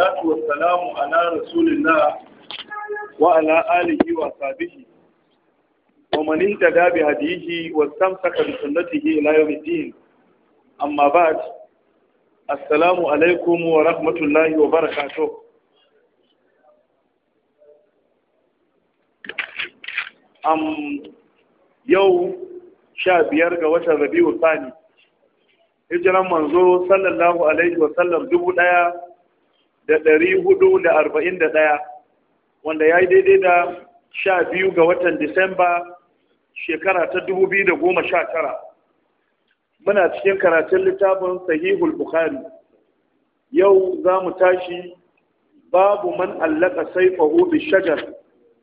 salatu wa salamu ala rasulillah wa ala alihi wa sahbihi wa man intada bi hadihi wa istamsaka bi sunnatihi ila yawm din amma ba'd assalamu alaikum wa rahmatullahi wa barakatuh am yau sha biyar ga watan rabiu sani Hijran manzo sallallahu alaihi wa sallam dubu daya da ɗari hudu da arba'in da ɗaya wanda ya yi daidai da sha biyu ga watan disamba shekara ta dubu biyu da goma sha tara muna cikin karatun littafin sahihul bukhari yau za mu tashi babu man allaka sai fahu bi shajar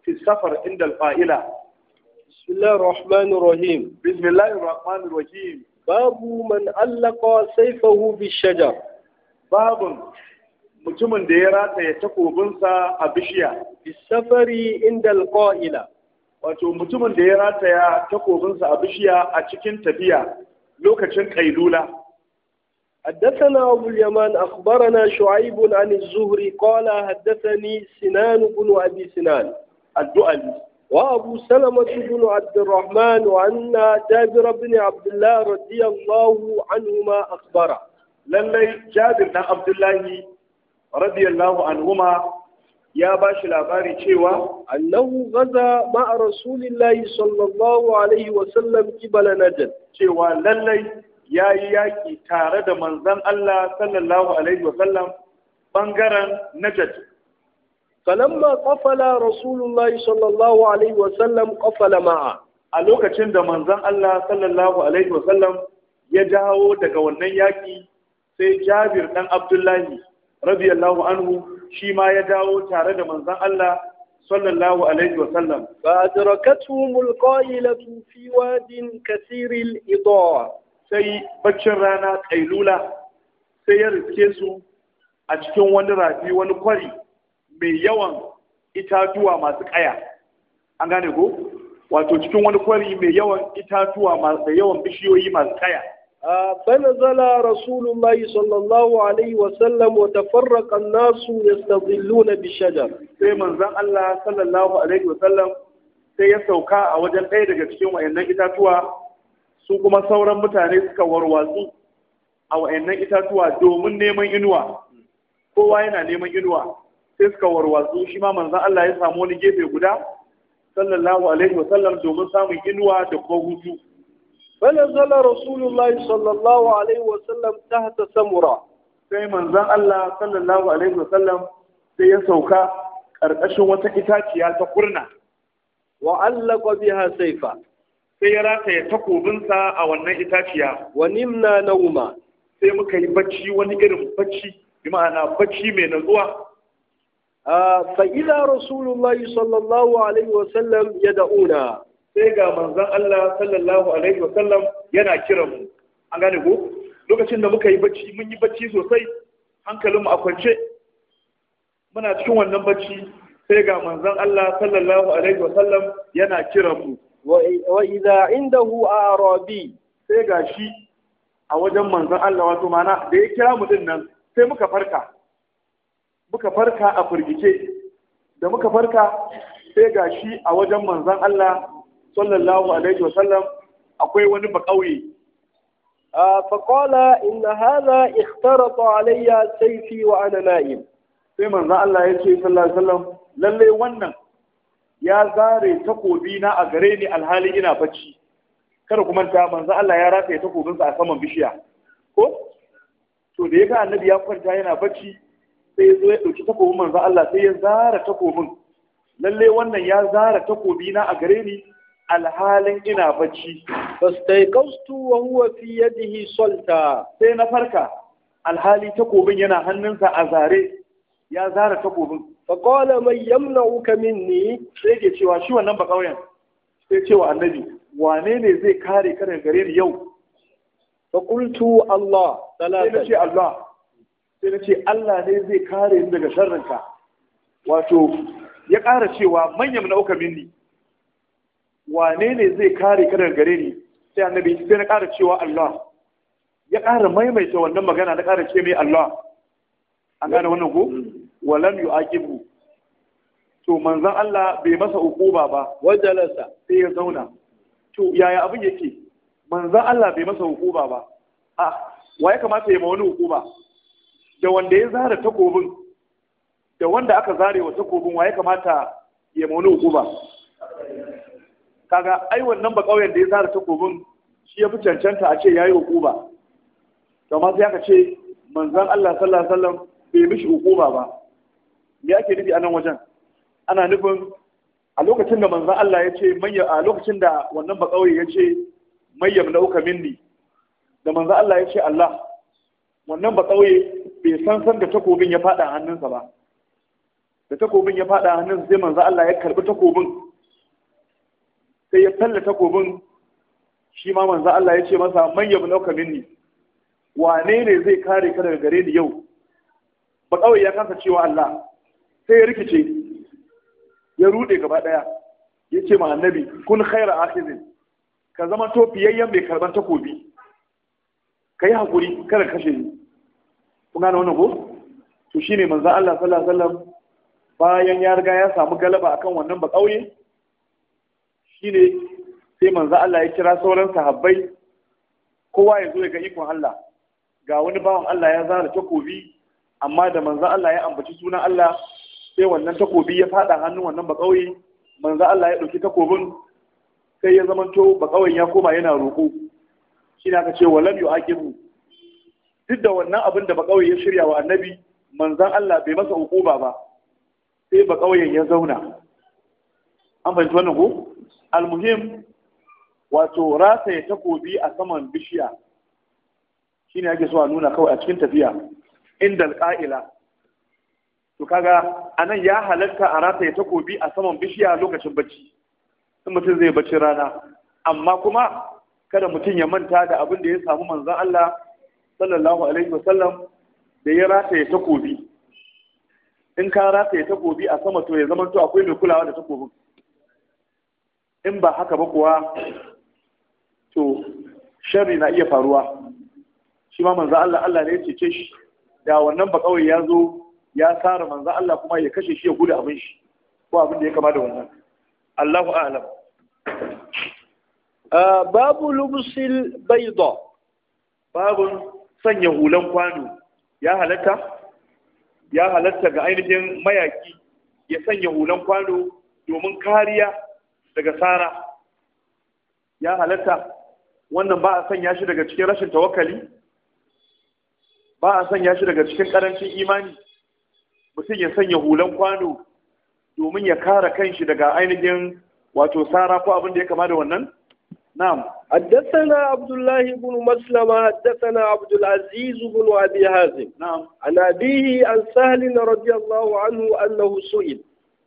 fi safar inda alfa'ila bismillahir rahmanir rahim rahim babu man allaka fahu bi shajar babu mutumin da ya rataya takobinsa a bishiya bisafari inda alqa'ila wato mutumin da ya rataya takobinsa a bishiya a cikin tafiya lokacin kailula حدثنا أبو اليمان أخبرنا شعيب عن الزهري قال حدثني سنان بن أبي سنان الدؤلي وأبو سلمة بن عبد الرحمن وأن جابر بن عبد الله رضي الله عنهما أخبره lallai jabir dan abdullahi radiyallahu anhuma ya ba shi labari cewa annahu gaza ma'a rasulillahi sallallahu alaihi wa sallam kibala najd cewa lallai ya yi yaƙi tare da manzon Allah sallallahu alaihi wa sallam bangaren najd falamma qafala rasulullahi sallallahu alaihi wa sallam qafala ma'a a lokacin da manzon Allah sallallahu alaihi wa sallam ya dawo daga wannan yaƙi sai Jabir dan Abdullahi radiyallahu anhu shi ma ya dawo tare da manzon Allah sallallahu alaihi wasallam fa adrakatuhum alqailatu fi wadin kathir idaa sai baccin rana kailula sai ya riske su a cikin wani rafi wani kwari mai yawan itatuwa masu kaya an gane ko wato cikin wani kwari mai yawan itatuwa masu yawan bishiyoyi masu kaya فنزل رسول الله صلى الله عليه وسلم وتفرق الناس يستظلون بالشجر sai manzon Allah sallallahu alaihi wasallam sai ya sauka a wajen ɗaya daga cikin wayannan itatuwa su kuma sauran mutane suka warwatsu a wayannan itatuwa domin neman inuwa kowa yana neman inuwa sai suka warwatsu shi ma manzon Allah ya samu wani gefe guda sallallahu alaihi wasallam domin samun inuwa da kuma hutu فنزل رسول الله صلى الله عليه وسلم تحت سمرة sai manzon Allah sallallahu alaihi wasallam sai ya sauka ƙarƙashin wata itaciya ta kurna wa allaka biha saifa sai ya rataya takobinsa a wannan itaciya wa nimna nauma sai muka yi bacci wani irin bacci bi ma'ana bacci mai natsuwa ah, fa ila sallallahu alaihi sai ga manzan Allah sallallahu alaihi wa sallam yana kiran mu an gane ko lokacin da muka yi bacci mun yi bacci sosai hankalin mu a kwance muna cikin wannan bacci sai ga manzan Allah sallallahu alaihi wa sallam yana kiran mu wa idza indahu arabi sai ga shi a wajen manzan Allah wato mana da ya kira mu din nan sai muka farka muka farka a firgice da muka farka sai ga shi a wajen manzan Allah sallallahu alaihi wasallam akwai wani bakauye in إن هذا alayya علي wa ana na'im sai manzo Allah ya ce sallallahu alaihi wasallam lalle wannan ya zare takobi na a gare ni alhali ina bacci kada kuma ta manzo Allah ya rataye takobin sa a saman bishiya ko to da yaga annabi ya kwanta yana bacci sai zo ya dauki takobin manzo Allah sai ya zara takobin lalle wannan ya zara takobi na a gare ni alhalin ina bacci fastaiqastu wa huwa fi yadihi salta sai na farka alhali takobin yana hannunsa a zare ya zara takobin fa qala man yamna'uka minni sai ya cewa shi wannan ba kauyen sai cewa annabi wane ne zai kare kare gare ni yau fa qultu Allah sai na ce Allah sai na ce Allah ne zai kare ni daga sharrinka wato ya ƙara cewa manyan yamna'uka minni wane ne zai kare ka daga gare ni sai annabi sai na ƙara cewa Allah ya ƙara maimaita wannan magana na ƙara ce mai Allah an gane wannan ko walam yu'aqibu to manzon Allah bai masa hukuma ba wajalasa sai ya zauna to yaya abin yake manzon Allah bai masa hukuma ba a wa ya kamata ya ma wani hukuma da wanda ya zara takobin da wanda aka zare wa takobin wa ya kamata ya ma wani hukuma kaga ai wannan ba kauyen da ya zara takobin shi ya fi cancanta a ce yayi hukuma to ma sai aka ce manzon Allah sallallahu alaihi wasallam bai mishi hukuma ba me yake nufi a nan wajen ana nufin a lokacin da manzon Allah ya ce a lokacin da wannan ba kauye ya ce mayyam na uka minni da manzon Allah ya ce Allah wannan ba kauye bai san san da takobin ya fada hannunsa ba da takobin ya fada hannunsa sai manzon Allah ya karbi takobin sai ya talla takobin shi ma manzo Allah ya ce masa man nauka minni wane ne zai kare ka daga gare ni yau ba kawai ya kasa cewa Allah sai ya rikice ya rude gaba daya ya ce ma annabi kun khaira akhizin ka zama to fiyayyen mai karban takobi kai hakuri kada kashe ni kun gane wannan ko to shine manzo Allah sallallahu alaihi wasallam bayan ya riga ya samu galaba akan wannan ba kauye shine sai manzo Allah ya kira sauran sahabbai kowa ya zo ya ga ikon Allah ga wani bawan Allah ya zara takobi amma da manzo Allah ya ambaci sunan Allah sai wannan takobi ya fada hannun wannan bakauye manzo Allah ya dauki takobin sai ya zamanto bakauyen ya koma yana roƙo shi aka ce walam yu'aqibu duk da wannan abin da bakauye ya shirya wa annabi manzon Allah bai masa hukuma ba sai bakauyen ya zauna an fahimci wannan ko almuhim wato rasa ya takobi a saman bishiya shine ake so a nuna kawai a cikin tafiya inda alƙa'ila to kaga anan ya halatta a rasa ya takobi a saman bishiya lokacin bacci in mutum zai bacci rana amma kuma kada mutum ya manta da abin da ya samu manzon Allah sallallahu alaihi wasallam da ya rasa ya takobi in ka rasa ya takobi a sama to ya zama to akwai mai kulawa da takobin in ba haka ba kuwa to sharri na iya faruwa shi ma manzo Allah Allah ne ya cece shi da wannan ba kawai ya zo ya tsara manzo Allah kuma ya kashe shi ya gudu abin shi ko abin da ya kama da wannan Allahu a'lam ah, babu lubsil bayda babu sanya hulan kwano ya halatta ya halatta ga ainihin mayaki ya sanya hulan kwano domin kariya daga sara ya halatta wannan ba a sanya shi daga cikin rashin tawakkali ba a sanya shi daga cikin karancin imani mutum ya sanya hulan kwano domin ya kan kanshi daga ainihin wato sara ko abin da ya kama da wannan نعم حدثنا عبد الله بن مسلم حدثنا عبد العزيز بن ابي هازم نعم عن أبيه عن سهل رضي الله عنه انه سئل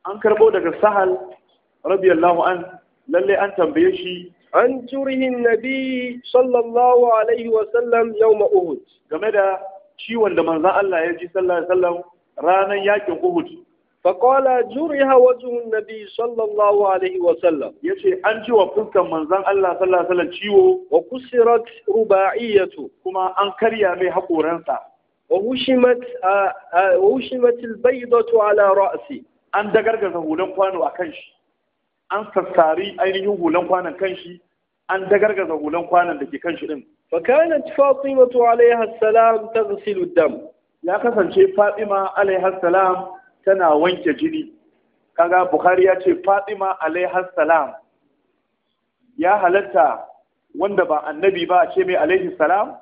عن كربو دك سهل radiyallahu an lalle an tambaye shi an jurihin nabi sallallahu alaihi wa sallam uhud game da ciwon da manzon Allah ya ji sallallahu alaihi wasallam yakin uhud faqala juriha wajhun nabi sallallahu alaihi wa sallam an ji wa fuskan manzon Allah sallallahu alaihi wasallam ciwo wa kusirat rubaiyatu kuma an karya mai hakoransa wa hushimat wa hushimat albaydatu ala ra'si an dagargaza hulan kwano akan shi an sassari ainihin hulan kwanan kanshi an dagargaza hulan kwanan da ke kanshi din fa kanat fatimatu alaiha salam taghsilu dam ya kasance fatima alaiha salam tana wanke jini kaga bukhari ya ce fatima alaiha salam ya halatta wanda ba annabi ba ce mai alaihi salam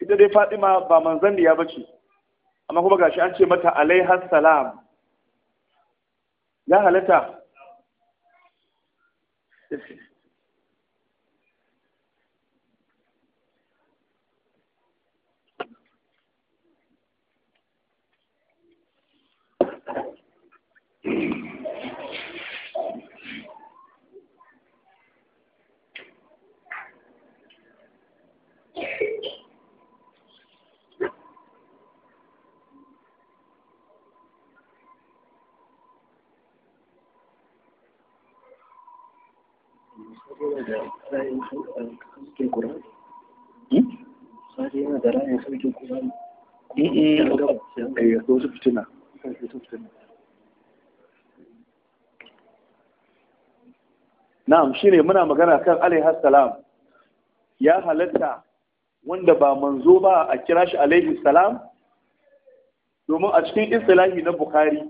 ita dai fatima ba manzanniya bace amma kuma gashi an ce mata alaiha salam ya halitta, Na'am shi ne muna magana kan alaihi salam ya halatta wanda ba manzo ba a kira shi alaihi salam domin a cikin istilahi na bukhari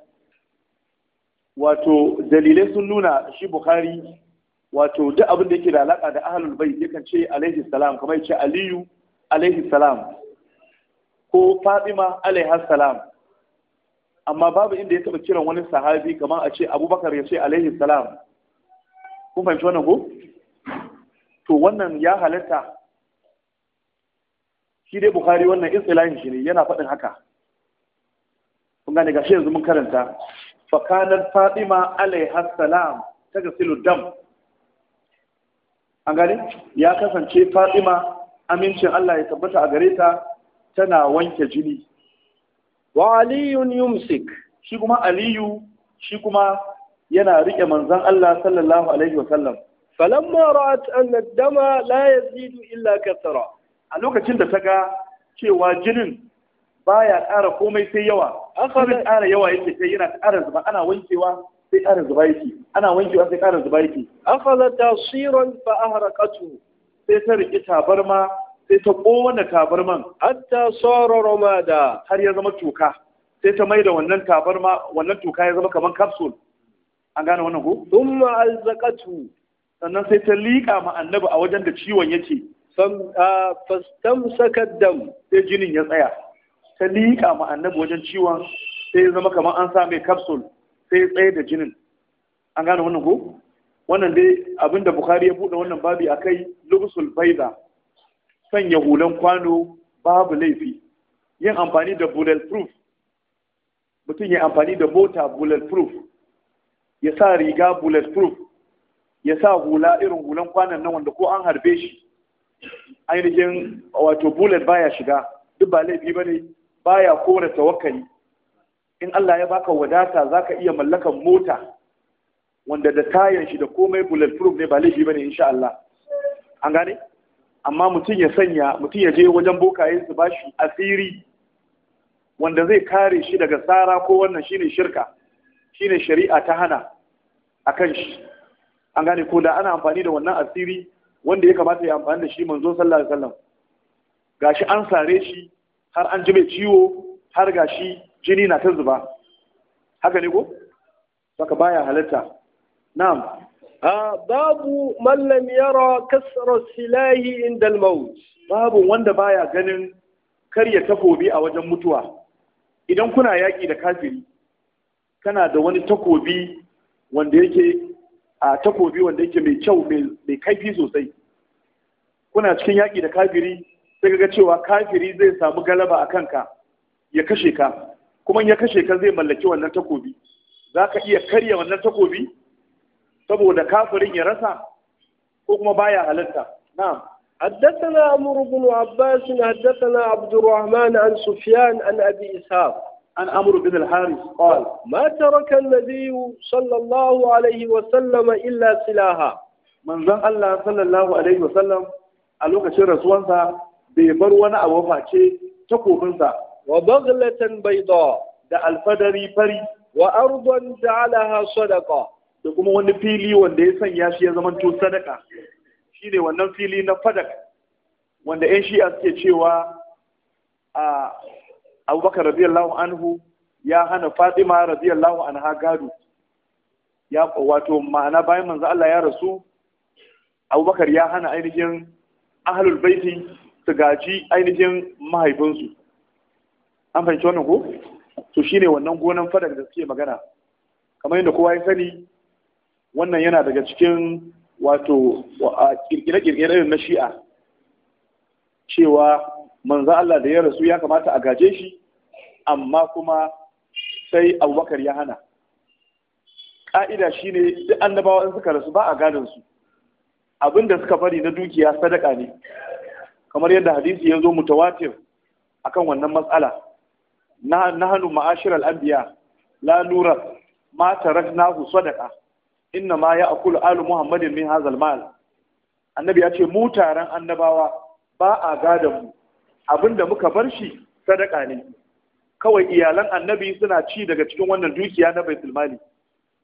wato dalilai sun nuna shi bukhari wato duk abin da yake da alaka da ahlul bayt yakan ce alaihi salam kamar ce aliyu alaihi salam ko fatima alaihi salam amma babu inda ya taba kiran wani sahabi kamar a ce abubakar ya ce alaihi salam kun fahimci wannan ko to wannan ya halatta shi dai bukhari wannan istilahin shi ne yana faɗin haka kun gane gashi yanzu mun karanta fa kanat fatima alaiha salam tagasilu dam an gani ya kasance fatima amincin Allah ya tabbata a gare ta tana wanke jini wa aliyun yumsik shi kuma aliyu shi kuma yana rike manzon Allah sallallahu alaihi wa sallam falamma ra'at anna dama la yazidu illa kathara a lokacin da ta ga cewa jinin baya ƙara komai sai yawa an ƙara yawa yake kai yana ƙara zuba ana wankewa sai ƙara zuba yake ana wankewa sai ƙara zuba yake akhadha tasiran fa ahraqatu sai ta riƙe tabarma sai ta ƙona tabarman hatta sara ramada har ya zama toka sai ta maida wannan tabarma wannan toka ya zama kamar capsule an gane wannan ko thumma alzaqatu sannan sai ta liƙa ma annabi a wajen da ciwon yake fastamsaka dam sai jinin ya tsaya ta liƙa ma annabi wajen ciwon sai ya zama kamar an sa mai capsule sai tsaye da jinin an gane wannan ko wannan dai abinda bukhari ya buɗe wannan babi kai lubusul faiza sanya hulan kwano babu laifi yin amfani da bullet-proof mutum ya amfani da mota bullet-proof ya sa riga bullet-proof ya sa hula irin hulan kwanan nan wanda ko an harbe shi ainihin wato bullet baya shiga duk ba laifi ba ne baya kora tawakkali in Allah ya baka wadata za ka iya mallakan mota wanda da tayan shi da komai bulletproof ne ba laifi bane insha Allah an gane amma mutum ya sanya mutum ya je wajen bokaye su bashi asiri wanda zai kare shi daga tsara ko wannan shine shirka shine shari'a ta hana akan shi an gane ko da ana amfani da wannan asiri wanda ya kamata ya amfani da shi manzo sallallahu alaihi wasallam gashi an sare shi har an ji mai ciwo har gashi jini na ta zuba haka ne ko saka baya halatta na'am babu mallam yara kasra silahi inda al-maut babu wanda baya ganin karya takobi a wajen mutuwa idan kuna yaƙi da kafiri kana da wani takobi wanda yake a takobi wanda yake mai kyau mai kaifi sosai kuna cikin yaki da kafiri sai ga cewa kafiri zai samu galaba a kanka ya kashe ka kuma in ya kashe ka zai mallaki wannan takobi za ka iya karya wannan takobi saboda kafirin ya rasa ko kuma baya halatta na'am حدثنا عمرو بن عباس حدثنا عبد الرحمن عن سفيان عن ابي اسحاق عن عمرو بن الحارث قال ما ترك النبي صلى الله عليه وسلم إلا سلاها من ذن الله صلى الله عليه وسلم ألوك شير رسولنا بيبر وانا أوفا شيء تقو منسا wa baghlatan bayda da alfadari fari wa ardan ja'alaha sadaqa da kuma wani fili wanda ya sanya shi ya zamanto sadaka shine wannan fili na fadak wanda ƴan shi'a suke cewa a Abubakar radiyallahu anhu ya hana Fatima radiyallahu anha gado ya wato ma'ana bayan manzo Allah ya rasu Abubakar ya hana ainihin ahlul baiti su gaji ainihin mahaifinsu an fahimci wannan ko to shine wannan gonan fadar da suke magana kamar yadda kowa ya sani wannan yana daga cikin wato kirkire-kirkire na shi'a cewa manzo Allah da ya rasu ya kamata a gaje shi amma kuma sai abubakar ya hana ƙa'ida shi ne duk annabawa in suka rasu ba a gadon su abin da suka bari na dukiya sadaka ne kamar yadda hadisi ya zo mutawatir akan wannan matsala Na ma'ashir al-anbiya la nura ma taraknahu inna ma ya'kulu alu muhammadin min hadha al-mal annabi ya ce mu taron annabawa ba a gada mu abinda muka bar shi sadaka ne kawai iyalan annabi suna ci daga cikin wannan dukiya na baitul mali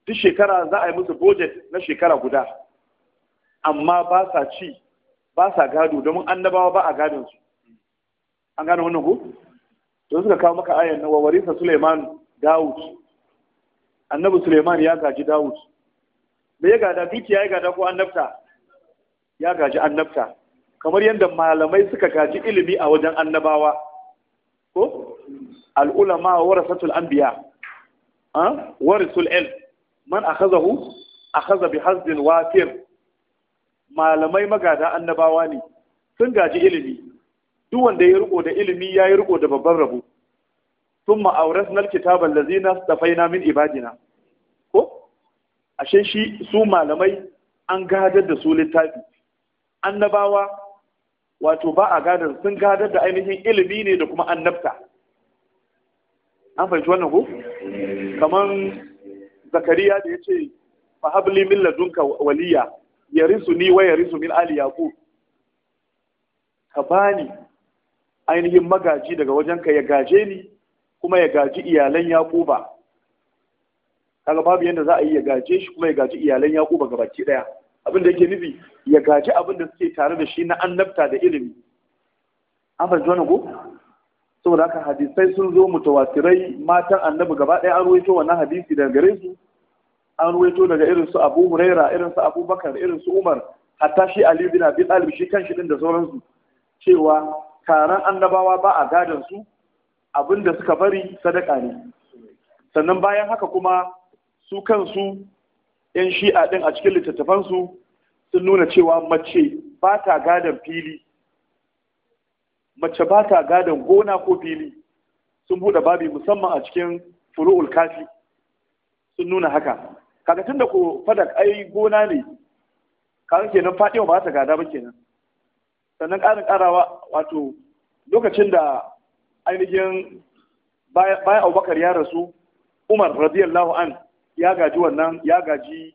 duk shekara za a yi musu budget na shekara guda amma ba sa ci ba sa gado domin annabawa ba a gadon su an gano wannan ku? to suka kawo maka ayan na warisa Suleiman Dawud annabi Suleiman ya gaji Dawud me ya gada dukiya ya gada ko annabta ya gaji annabta kamar yadda malamai suka gaji ilimi a wajen annabawa ko al'ulama warasatul anbiya an warisul ilm man akhazahu akhadha bi hazdin wafir malamai magada annabawa ne sun gaji ilimi duk wanda ya riko da ilimi ya yi riko da babban rabo sun ma'auras na kitabar da zina stafaina min ibadina ko ashe shi su malamai an gadar da su littafi annabawa wato ba a gadar sun gadar da ainihin ilimi ne da kuma annabta an fahimci wannan ko kamar zakariya da ya ce fahabli min ladunka waliya yarisu ni wa yarisu min ali yaqub ka bani ainihin magaji daga wajenka ya gaje ni kuma ya gaji iyalan yakuba kaga babu yadda za a yi ya gaje shi kuma ya gaji iyalan ga gabaki daya abin da yake nufi ya gaji abin da suke tare da shi na annabta da ilimi an fahimci ko saboda haka hadisai sun zo mu mutawatirai matan annabi gaba ɗaya an ruwaito wannan hadisi daga gare su an ruwaito daga irin su Abu Huraira irin su Abu irin su Umar hatta shi Ali bin Abi Talib shi kan shi din da sauransu cewa taron annabawa ba a gadon su abinda suka bari sadaka ne sannan bayan haka kuma su kansu yan shi'a din a cikin littattafansu sun nuna cewa mace ba ta gadon fili mace ba ta gadon gona ko fili sun buɗe babi musamman a cikin furu'ul kafi sun nuna haka kaga da ko fadak ai gona ne kaga kenan fadiwa ba ta gada ba kenan sannan ƙarin ƙarawa wato lokacin da ainihin bayan abubakar ya rasu umar radiyallahu an ya gaji wannan ya gaji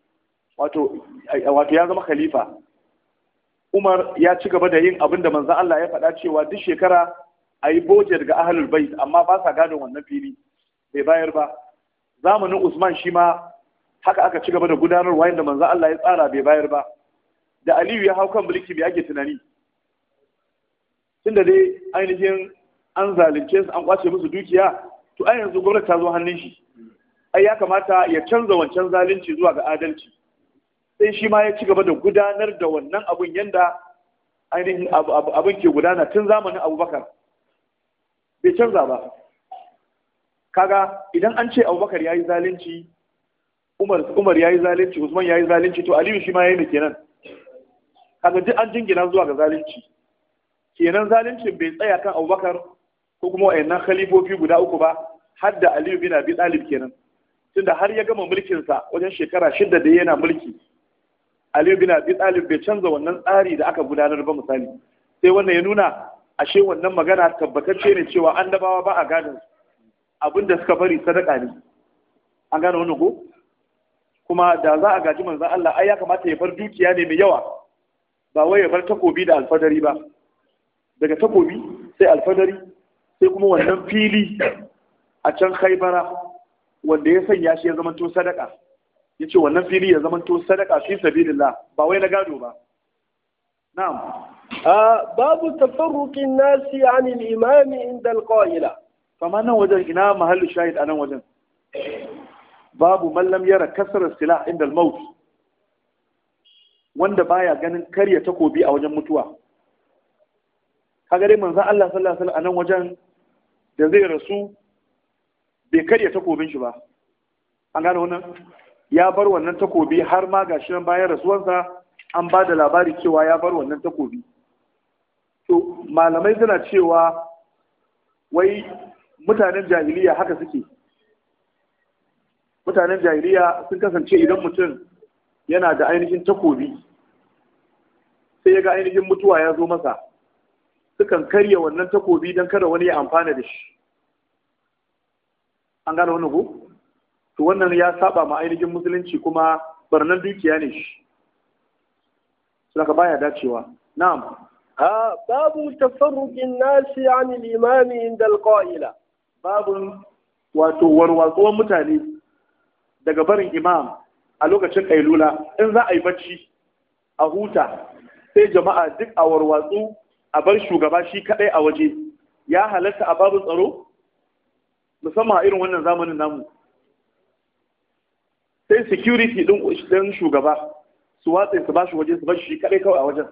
wato eh, ya zama khalifa umar ya ci gaba da yin abin da manzan Allah ya faɗa cewa duk shekara a yi boje daga ahalul bai amma ba sa gadon wannan fili bai bayar ba zamanin usman shi ma haka aka ci gaba da gudanarwa yadda manzan Allah ya tsara bai bayar ba da aliyu ya hau kan mulki bai ake tunani tun da dai ainihin an zalunce su an kwace musu dukiya to ai yanzu gwamnati ta zo hannun shi ai ya kamata ya canza wancan zalunci zuwa ga adalci sai shi ma ya ci gaba da gudanar da wannan abun yanda ainihin abin ke gudana tun zamanin abubakar bai canza ba kaga idan an ce abubakar ya yi zalunci umar ya yi zalunci usman ya yi zalunci to aliyu shi ma ya yi kenan kaga duk an jingina zuwa ga zalunci kenan zalincin bai tsaya kan abubakar ko kuma wayannan khalifofi guda uku ba har da aliyu bin abi talib kenan tunda har ya gama mulkinsa wajen shekara shida da yana mulki aliyu bin abi talib bai canza wannan tsari da aka gudanar ba misali sai wannan ya nuna ashe wannan magana tabbatacce ne cewa annabawa ba a gadon abin da suka bari sadaka ne an gane wani ko kuma da za a gaji manzan Allah ai ya kamata ya bar dukiya ne mai yawa ba wai ya bar takobi da alfadari ba daga takobi sai alfadari sai kuma wannan fili a can haibara wanda ya sanya shi ya zamanto sadaka ya ce wannan fili ya zamanto sadaka fi sabilillah ba wai na gado ba na'am babu tafarruqin nasi an al-imam inda al-qa'ila fama nan wajen ina mahallu shahid anan wajen babu mallam yara kasar silah inda al-maut wanda baya ganin karya takobi a wajen mutuwa kaga dai manzon Allah sallallahu alaihi wasallam a nan wajen da zai rasu bai karya takobin shi ba an gane wannan ya bar wannan takobi har ma gashi nan bayan rasuwansa, an ba da labari cewa ya bar wannan takobi to malamai suna cewa wai mutanen jahiliya haka suke mutanen jahiliya sun kasance idan mutum yana da ainihin takobi sai ya ga ainihin mutuwa ya zo masa sukan karya wannan takobi don kada wani ya amfana da shi an gane wani ku? wannan ya saba ma ainihin musulunci kuma barnan dukiya ne shi saka baya dacewa na'am Ha! babu tafarruqin nasi an al-imam inda al babu wato warwatsuwan mutane daga barin imam a lokacin kailula in za a yi bacci a huta sai jama'a duk a warwatsu a bar shugaba shi kadai a waje ya halatta a babu tsaro musamman a irin wannan zamanin namu sai security din shugaba su watsa su bashi waje su bashi shi kadai kawai a wajen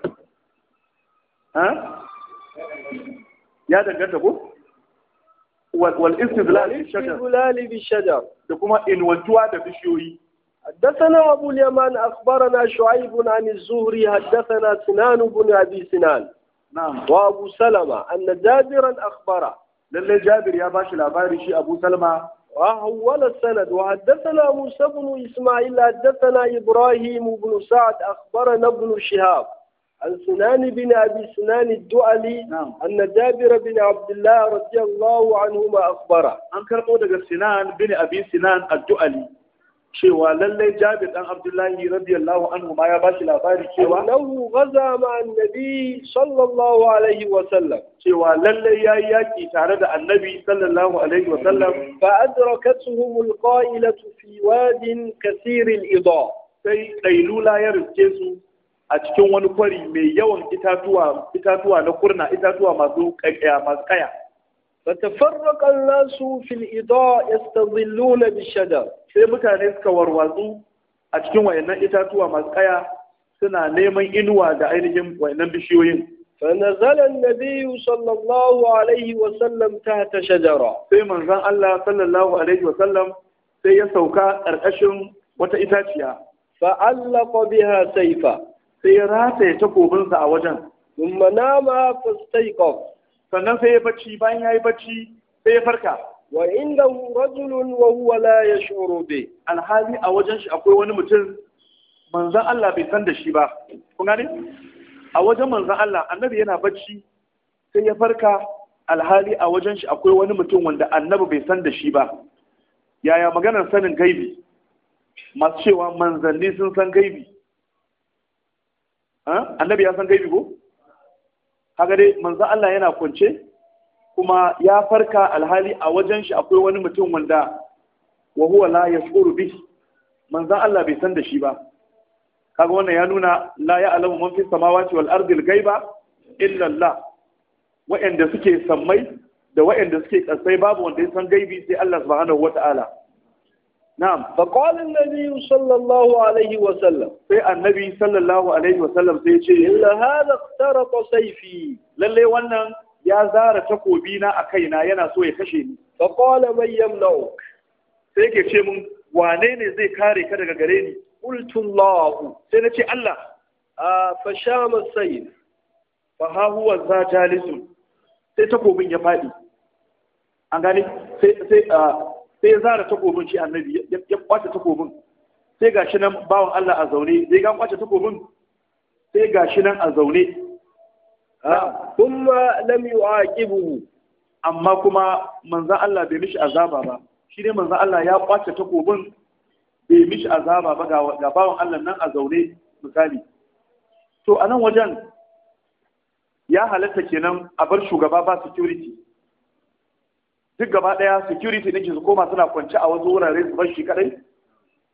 ya danganta ko wal istidlal bi shajar da kuma inwantuwa da bishiyoyi حدثنا أبو اليمان أخبرنا شعيب عن الزهري حدثنا سنان بن أبي سنان wa abu salama anna jabiran akhbara lalle jabir ya bashi labari shi abu salama وهول السند وحدثنا موسى بن إسماعيل حدثنا إبراهيم بن سعد أخبرنا ابن شهاب عن سنان بن أبي سنان الدؤلي نعم. أن جابر بن عبد الله رضي الله عنهما أخبره أنكر مودك سنان بن أبي سنان الدؤلي cewa lallai Jabir dan Abdullahi radiyallahu anhu ma ya bashi labari cewa lahu gaza ma annabi sallallahu alaihi wa sallam cewa lallai yayi yaki tare da annabi sallallahu alaihi wa sallam fa adrakatuhum alqailatu fi wadin kathir alida sai dailula ya riske su a cikin wani kwari mai yawan itatuwa itatuwa na kurna itatuwa masu kaya masu kaya فتفرق الناس في الإضاء bi بالشجر sai mutane suka warwatsu a cikin wayannan itatuwa masu kaya suna neman inuwa da ainihin wayannan bishiyoyin فنزل النبي صلى الله عليه وسلم تحت شجرة في منزل الله صلى الله عليه وسلم في يسوكا الأشم وتأتاتيا فعلق بها سيفا في راتي تقوبن سعوجا ثم نام فاستيقظ sannan sai ya barci, bayan ya yi sai ya farka wa indahu rajulun wa huwa la yash'uru bi alhali a wajen shi akwai wani mutum manzon Allah bai san da shi ba kun gane a wajen manzon Allah annabi yana bacci sai ya farka alhali a wajen shi akwai wani mutum wanda annabi bai san da shi ba yaya maganar sanin gaibi masu cewa manzanni sun san gaibi annabi ya san gaibi ko haka dai manzon Allah yana kwance kuma ya farka alhali a wajen shi akwai wani mutum wanda wa huwa la yashkuru bi manzan Allah bai san da shi ba kaga wannan ya nuna la ya'lamu man fi samawati wal ardi al ghaiba illa Allah wa'anda suke sammai da wa'anda suke kasai babu wanda ya san gaibi sai Allah subhanahu wata'ala na'am fa qala an-nabi sallallahu alaihi wa sallam sai annabi sallallahu alaihi wa sallam sai ya ce illa hadha iqtarata sayfi lalle wannan ya zara takobi na a kaina yana so ya kashe ni fa qala bayan yamna'uk sai ke ce mun wane ne zai kare ka daga gare ni qultu Allah sai na ce Allah fa fasha masai. Ba ha huwa za jalisun sai takobin ya fadi an gane sai ya zara takobin shi annabi ya kwace takobin sai gashi nan bawan Allah a zaune sai ga kwace takobin sai gashi nan a zaune kuma lam yu'aqibuhu amma kuma manzan Allah bai mishi azaba ba shi ne manzan Allah ya kwace takobin bai mishi azaba ba ga bawan Allah nan a zaune misali to a nan wajen ya halatta kenan a bar shugaba ba security duk gaba daya security ke su koma suna kwance a wasu wurare su bar shi kadai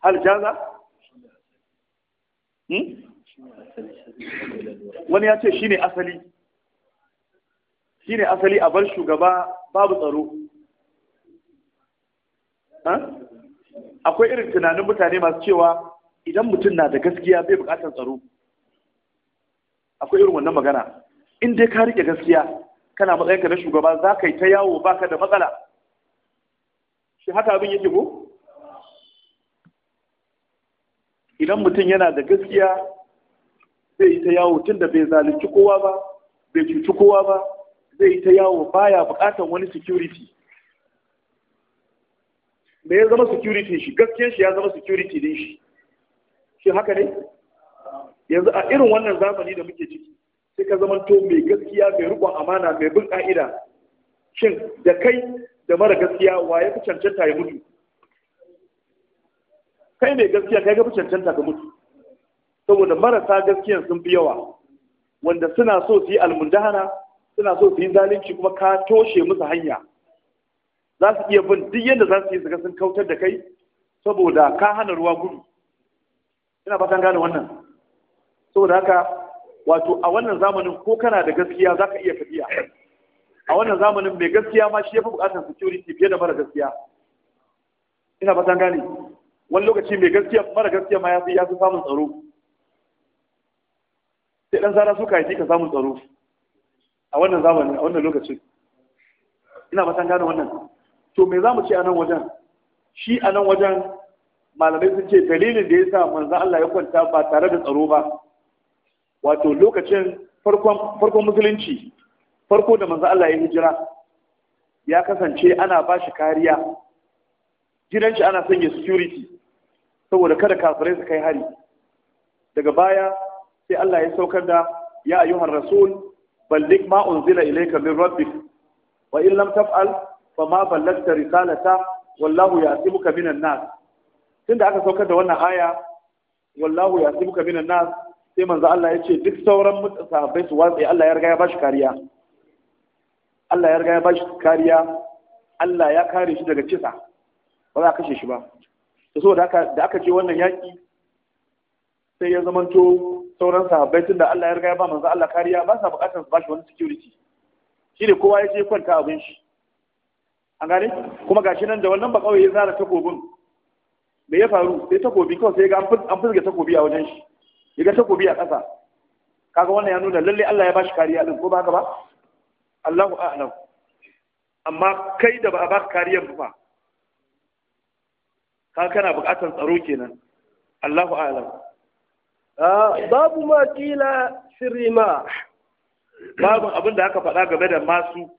hal jaza hmm? wani ya ce shi ne asali Shi ne asali a bar shugaba babu tsaro akwai irin tunanin mutane masu cewa idan mutum na da gaskiya bai bukatar tsaro akwai irin wannan magana in dai ka rike gaskiya kana matsayinka na shugaba za ka yi ta yawo baka da matsala shi haka abin yake ko idan mutum yana da gaskiya zai yi ta yawo tun da bai zalunci kowa ba bai cuci kowa ba zai yi ta yawo baya buƙatar wani security da ya zama security shi gaskiyar shi ya zama security din shi shi haka ne yanzu a irin wannan zamani da muke ciki sai ka zama to mai gaskiya mai rikon amana mai bin ka'ida shin da kai da mara gaskiya wa ya fi cancanta ya mutu kai mai gaskiya kai ga fi cancanta ka mutu saboda marasa gaskiya sun fi yawa wanda suna so su yi almundahana suna so su yi zalunci kuma ka toshe musu hanya za su iya bin duk yadda za su yi suka sun kautar da kai saboda ka hana ruwa gudu ina fatan gane wannan saboda haka wato a wannan zamanin ko kana da gaskiya za ka iya tafiya a wannan zamanin mai gaskiya ma shi ya fi bukatar security fiye da mara gaskiya ina fatan gane wani lokaci mai gaskiya mara gaskiya ma ya fi samun tsaro sai dan zara suka yi ka samun tsaro a wannan zamani a wannan lokacin ina fatan gano wannan to me za mu ce a nan wajen shi a nan wajen malamai sun ce dalilin da ya sa manzan Allah ya kwanta ba tare da tsaro ba wato lokacin farkon musulunci farko da manzan Allah ya hijira ya kasance ana ba shi kariya gidan shi ana sanya security saboda kada kafirai su kai hari daga baya sai Allah ya saukar da ya ayyuhar rasul ballig ma unzila ilayka min rabbik wa in lam taf'al fa ma ballagta risalata wallahu ya'tibuka minan nas tunda aka saukar da wannan aya wallahu ya'tibuka minan nas sai manzo Allah ya ce duk sauran sahabbai su watsi Allah ya riga ya bashi kariya Allah ya riga ya bashi kariya Allah ya kare shi daga cisa ba za a kashe shi ba da saboda haka da aka je wannan yaki sai ya zamanto sauran sahabbai tunda Allah ya riga ya ba manzo Allah kariya ba sa bukatar su bashi wani security ne kowa ya je kwanta abin shi an gane kuma gashi nan da wannan ba ya zara takobin me ya faru sai takobi kawai sai ga an fizge takobi a wajen shi ya ga takobi a ƙasa kaga wannan ya nuna lalle Allah ya bashi kariya din ko ba haka ba Allahu a'lam amma kai da ba a ka kariyar ba ka kana bukatar tsaro kenan Allahu a'lam Ah, babu ma kila sirri ma babu abin da aka faɗa game da masu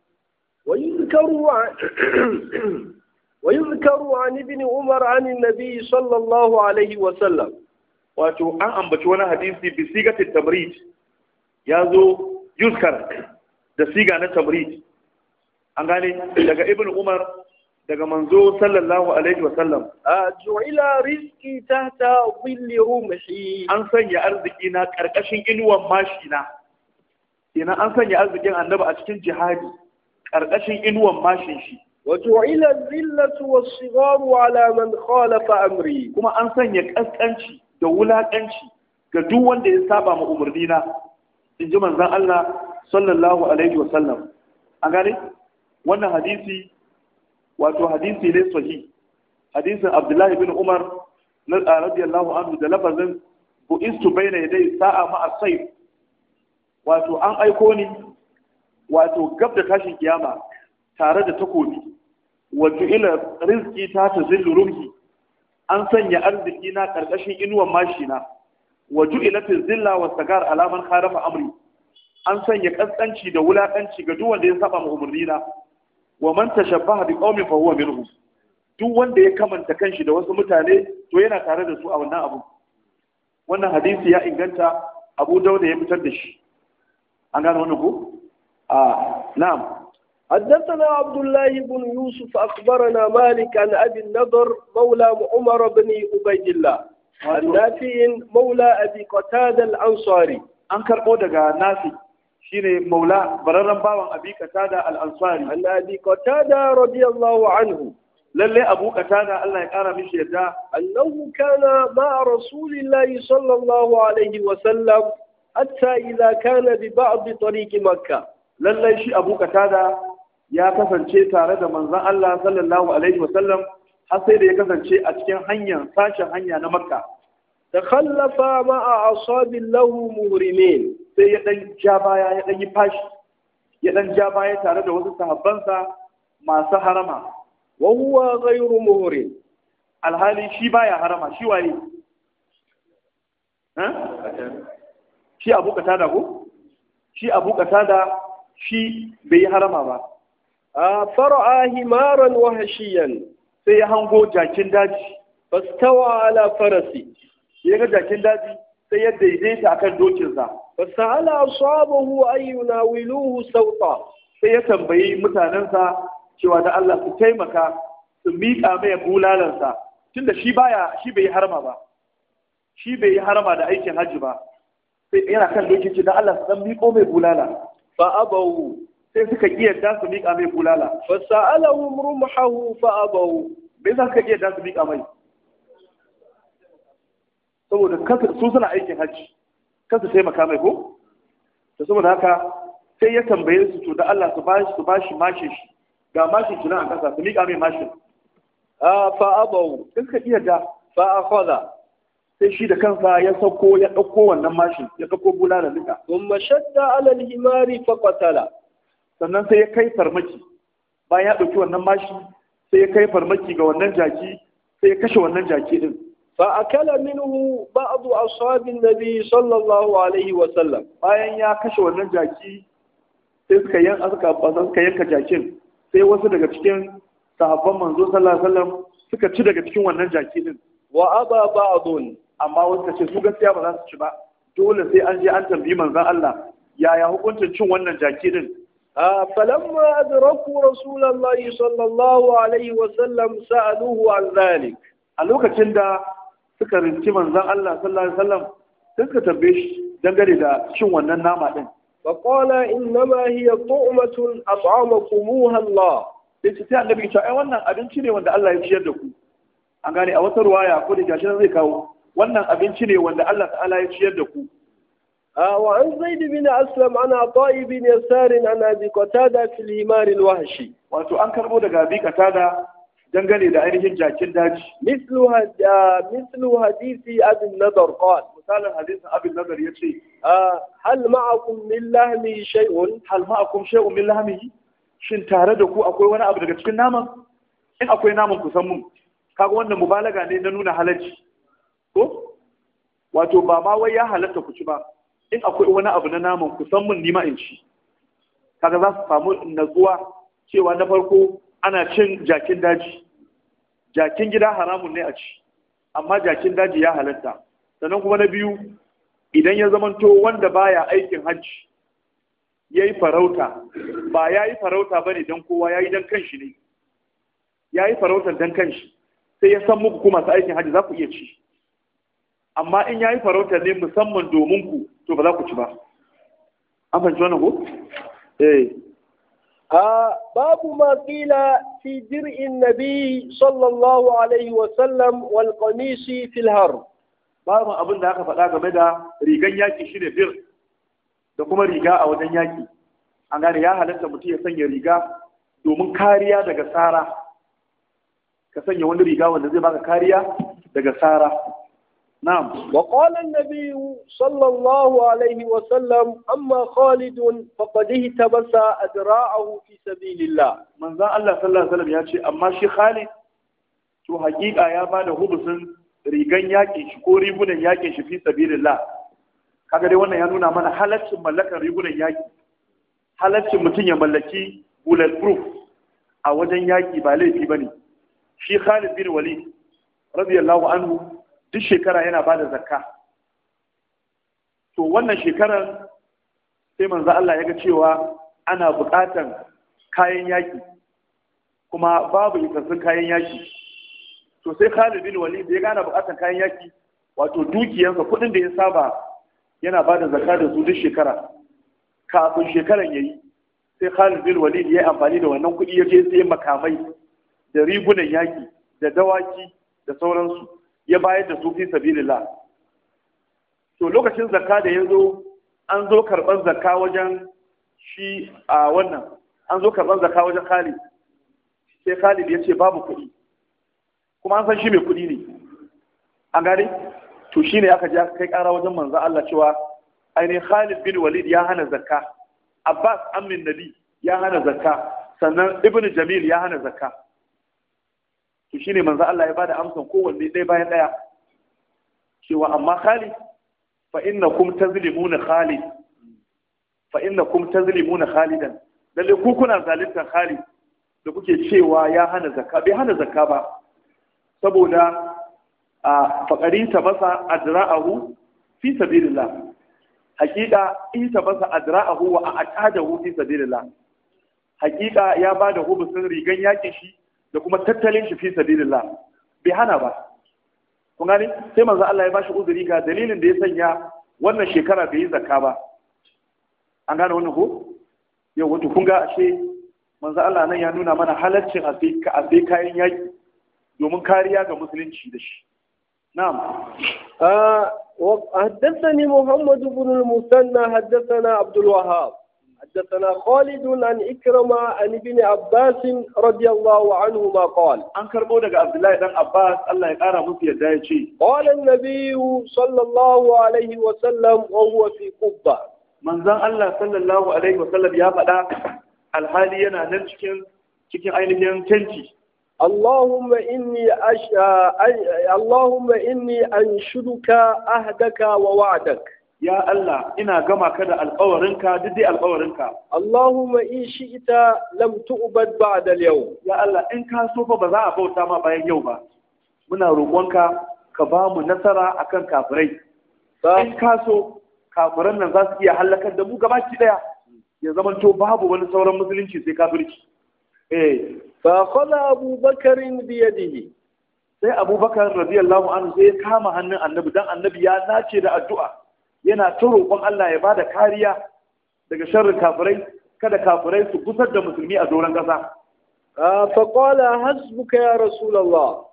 ويذكر wa ابن Umar عن النبي Sallallahu alaihi wa sallam? wato an ambaci wani hadisi bi sigatin tamrid ya zo yuskar da siga na tamrid an gane daga ibn umar daga manzo sallallahu alaihi wa sallam ju'ila rizqi tahta dhilli rumhi an sanya arziki na karkashin inuwan mashi na ina an sanya arzikin annabi a cikin jihadi karkashin inuwan mashin shi wa ju'ila dhillatu was-sigharu ala man khalafa amri kuma an sanya kaskanci da wulakanci ga duk wanda ya saba ma umarni na ji manzon Allah sallallahu alaihi wa sallam A gane wannan hadisi wato hadisi ne sahi hadisin abdullahi bin umar na radiyallahu anhu da lafazin bu'istu bayna yadai sa'a ma wato an aiko ni wato gab da tashin kiyama tare da takobi wato ila rizki ta tazillu rumhi an sanya arziki na karkashin inuwan mashina wato ila tazilla wa sagar alaman kharafa amri an sanya kaskanci da wulakanci ga duk wanda ya saba mu na wa man tashabbaha bi qaumin fa huwa minhum duk wanda ya kamanta kanshi da wasu mutane to yana tare da su a wannan abu wannan hadisi ya inganta Abu dauda ya fitar da shi an gano wannan ko a na'am حدثنا عبد الله بن يوسف أخبرنا مالك عن أبي النضر مولى عمر بن عبيد الله عن نافع مولى أبي قتادة الأنصاري أنكر أودغا نافع shine maula bararren bawan abi qatada al-ansari an abi qatada radiyallahu anhu lalle abu qatada Allah ya kara mishi yadda annahu kana ma rasulillahi sallallahu alaihi wa sallam hatta idza kana bi ba'd tariq makkah lalle shi abu qatada ya kasance tare da manzon Allah sallallahu alaihi wa sallam har sai da ya kasance a cikin hanyar sashen hanya na makka takhallafa ma'a asabillahu muhrimin sai ya ɗan ja baya ya ɗan yi fashi ya ɗan ja baya tare da wasu sahabbansa masu harama Wahuwa zai ghayru muhrim alhali shi baya harama shi waye shi abu da ko shi abu da shi bai yi harama ba a a himaran wahashiyan sai ya hango jakin daji fastawa ala farasi ya ga jakin daji sai ya daidaita akan dokinsa ala ashabahu ayyuna wiluhu sauta sai ya tambayi mutanensa cewa da Allah su taimaka su miƙa mai bulalansa tunda shi baya shi bai harma ba shi bai yi harma da aikin hajji ba sai yana kan dokin da Allah su dan miƙo mai bulala fa abawu sai suka iya su miƙa mai bulala fa sa'alahu rumhahu fa abawu bai za ka iya su miƙa mai saboda su suna aikin hajji kan su taimaka mai ko da saboda haka sai ya tambaye su to da Allah su bashi su bashi mashin shi ga mashin kina a kasa su miƙa mai mashin a fa in suka iya da fa akhadha sai shi da kansa ya sauko ya ɗauko wannan mashin ya ɗauko bulalar duka thumma shadda ala al-himari fa qatala sannan sai ya kai farmaki bayan ya ɗauki wannan mashi sai ya kai farmaki ga wannan jaki sai ya kashe wannan jaki din فأكل منه بعض أصحاب النبي صلى الله عليه وسلم bayan ya kashe wannan jaki sai suka yan aka suka yanka jakin sai wasu daga cikin sahabban manzo sallallahu alaihi wasallam suka ci daga cikin wannan jaki din wa aba ba'dun amma wasu ce su gaskiya ba za su ci ba dole sai an je an tambayi manzon Allah yaya hukuncin cin wannan jaki din falamma adraku rasulullahi sallallahu alaihi wasallam sa'aluhu an zalik a lokacin da suka rinci manzon Allah sallallahu alaihi wasallam sai suka tambaye shi dangane da cin wannan nama din fa qala innama hiya tu'matun at'amakumuha Allah sai ce sai annabi ya ai wannan abinci ne wanda Allah ya ciyar da ku an gane a wata ruwaya ko da gashin zai kawo wannan abinci ne wanda Allah ta'ala ya ciyar da ku وعن زيد بن أسلم عن عطاء بن يسار عن أبي قتادة في الهمار الوحشي an أنكر daga أبي قتادة dangane da ainihin jakin daji mislu hadisi abin nazar kawai, misalin hadisin abin nazar ya ce. Ah, hal ma'akum min lahmi shay'un hal ma'akum shay'un min lahmihi shin tare da ku akwai wani abu daga cikin naman in akwai naman ku mun kaga wannan mubalaga ne na nuna halacci ko wato ba ma wai ya halatta ku ci ba in akwai wani abu na naman ku mun ni ma in ci kaga za su samu natsuwa cewa na farko ana cin jakin daji jakin gida haramun ne a ci amma jakin daji ya halatta sannan kuma na biyu idan ya zamanto wanda baya aikin hajji ya yi farauta ba ya yi farauta ba ne don kowa ya yi don kanshi ne ya yi farautar don kanshi sai ya san muku masu aikin hajji za ku iya ci amma in ya yi farautar ne musamman domin ku to ba za ku ci ba an fahimci wannan ko eh باب ما قيل في درء النبي صلى الله عليه وسلم والقميص في الهر babu abin da aka faɗa game da rigan yaƙi shi ne bir da kuma riga a wajen yaƙi an gane ya halatta mutum ya sanya riga domin kariya daga tsara ka sanya wani riga wanda zai baka kariya daga tsara نعم وقال النبي صلى الله عليه وسلم أما خالد فقد اهتبس أدراعه في سبيل الله من ذا الله صلى الله عليه وسلم يقول أما شي خالد to hakika ya ba da hubusin rigan yakin shi ko rigunan yakin shi fi kaga dai wannan ya nuna mana halaccin mallakar rigunan yaƙi. halaccin mutum ya mallaki bulletproof a wajen yaki ba laifi bane shi Khalid bin Walid radiyallahu anhu duk shekara yana ba da zakka to wannan shekarar sai manzo Allah ya ga cewa ana buƙatan kayan yaki kuma babu isassun kayan yaki to sai Khalid bin Walid da ya gane buƙatan kayan yaki wato dukiyarsa kuɗin da ya saba yana ba da zakka da su duk shekara kafin shekaran yayi sai Khalid bin Walid ya yi amfani da wannan kuɗi ya je sai makamai da rigunan yaki da dawaki da sauransu ya bayar da su fi sabilillah to lokacin zakka da ya zo an zo karɓar zakka wajen shi a wannan an zo karɓar zakka wajen Khalid sai Khalid ya ce babu kuɗi kuma an san shi mai kuɗi ne an gane to shine aka ja kai ƙara wajen manzon Allah cewa ainihin Khalid bin Walid ya hana zakka Abbas Amin Nabi ya hana zakka sannan Ibn Jamil ya hana zakka to shine manzo Allah ya bada amsan kowanne ɗaya bayan ɗaya cewa amma Khalid fa innakum tazlimuna Khalid fa innakum tazlimuna Khalidan lalle ku kuna zaluntar Khalid da kuke cewa ya hana zakka bai hana zakka ba saboda a faqarita masa adra'ahu fi sabilillah hakika ita masa adra'ahu wa a'tadahu fi sabilillah hakika ya bada hubusin rigan yakin shi da kuma tattalin shi fi sabilillah bai hana ba kun gani sai manzo Allah ya bashi uzuri ga dalilin da ya sanya wannan shekara bai yi zakka ba an gane wannan ko yau wato kun ga ashe manzo Allah nan ya nuna mana halaccin a sai kayan yaki domin kariya ga musulunci da shi نعم آه حدثني محمد بن المثنى حدثنا عبد الوهاب حدثنا خالد عن إكرمة عن ابن عباس رضي الله عنهما قال أنكر مودك عبد الله بن عباس الله يقارى مفيا دايتشي قال النبي صلى الله عليه وسلم وهو في قبة من ذا الله صلى الله عليه وسلم يا فدا الحالي أنا نمشكين cikin ainihin tanki اللهم إني أش... اللهم إني أنشدك أهدك ووعدك ya Allah ina gama ka da alƙawarinka duk dai alƙawarinka Allahumma in shi ita lam tu'bad ba'da yau ya Allah in ka so fa ba za a bauta ma bayan yau ba muna roƙonka ka ba mu nasara akan kafirai in ka so kafiran nan za su iya halakar da mu gabaki daya ya zama to babu wani sauran musulunci sai kafirci eh fa qala Abu Bakar bi yadihi sai Abubakar Bakar radiyallahu anhu sai ya kama hannun Annabi dan Annabi ya nace da addu'a yana ta roƙon Allah ya bada kariya daga sharrin kafirai kada kafirai su gusar da musulmi a doron ƙasa fa hasbuka ya Rasulallah.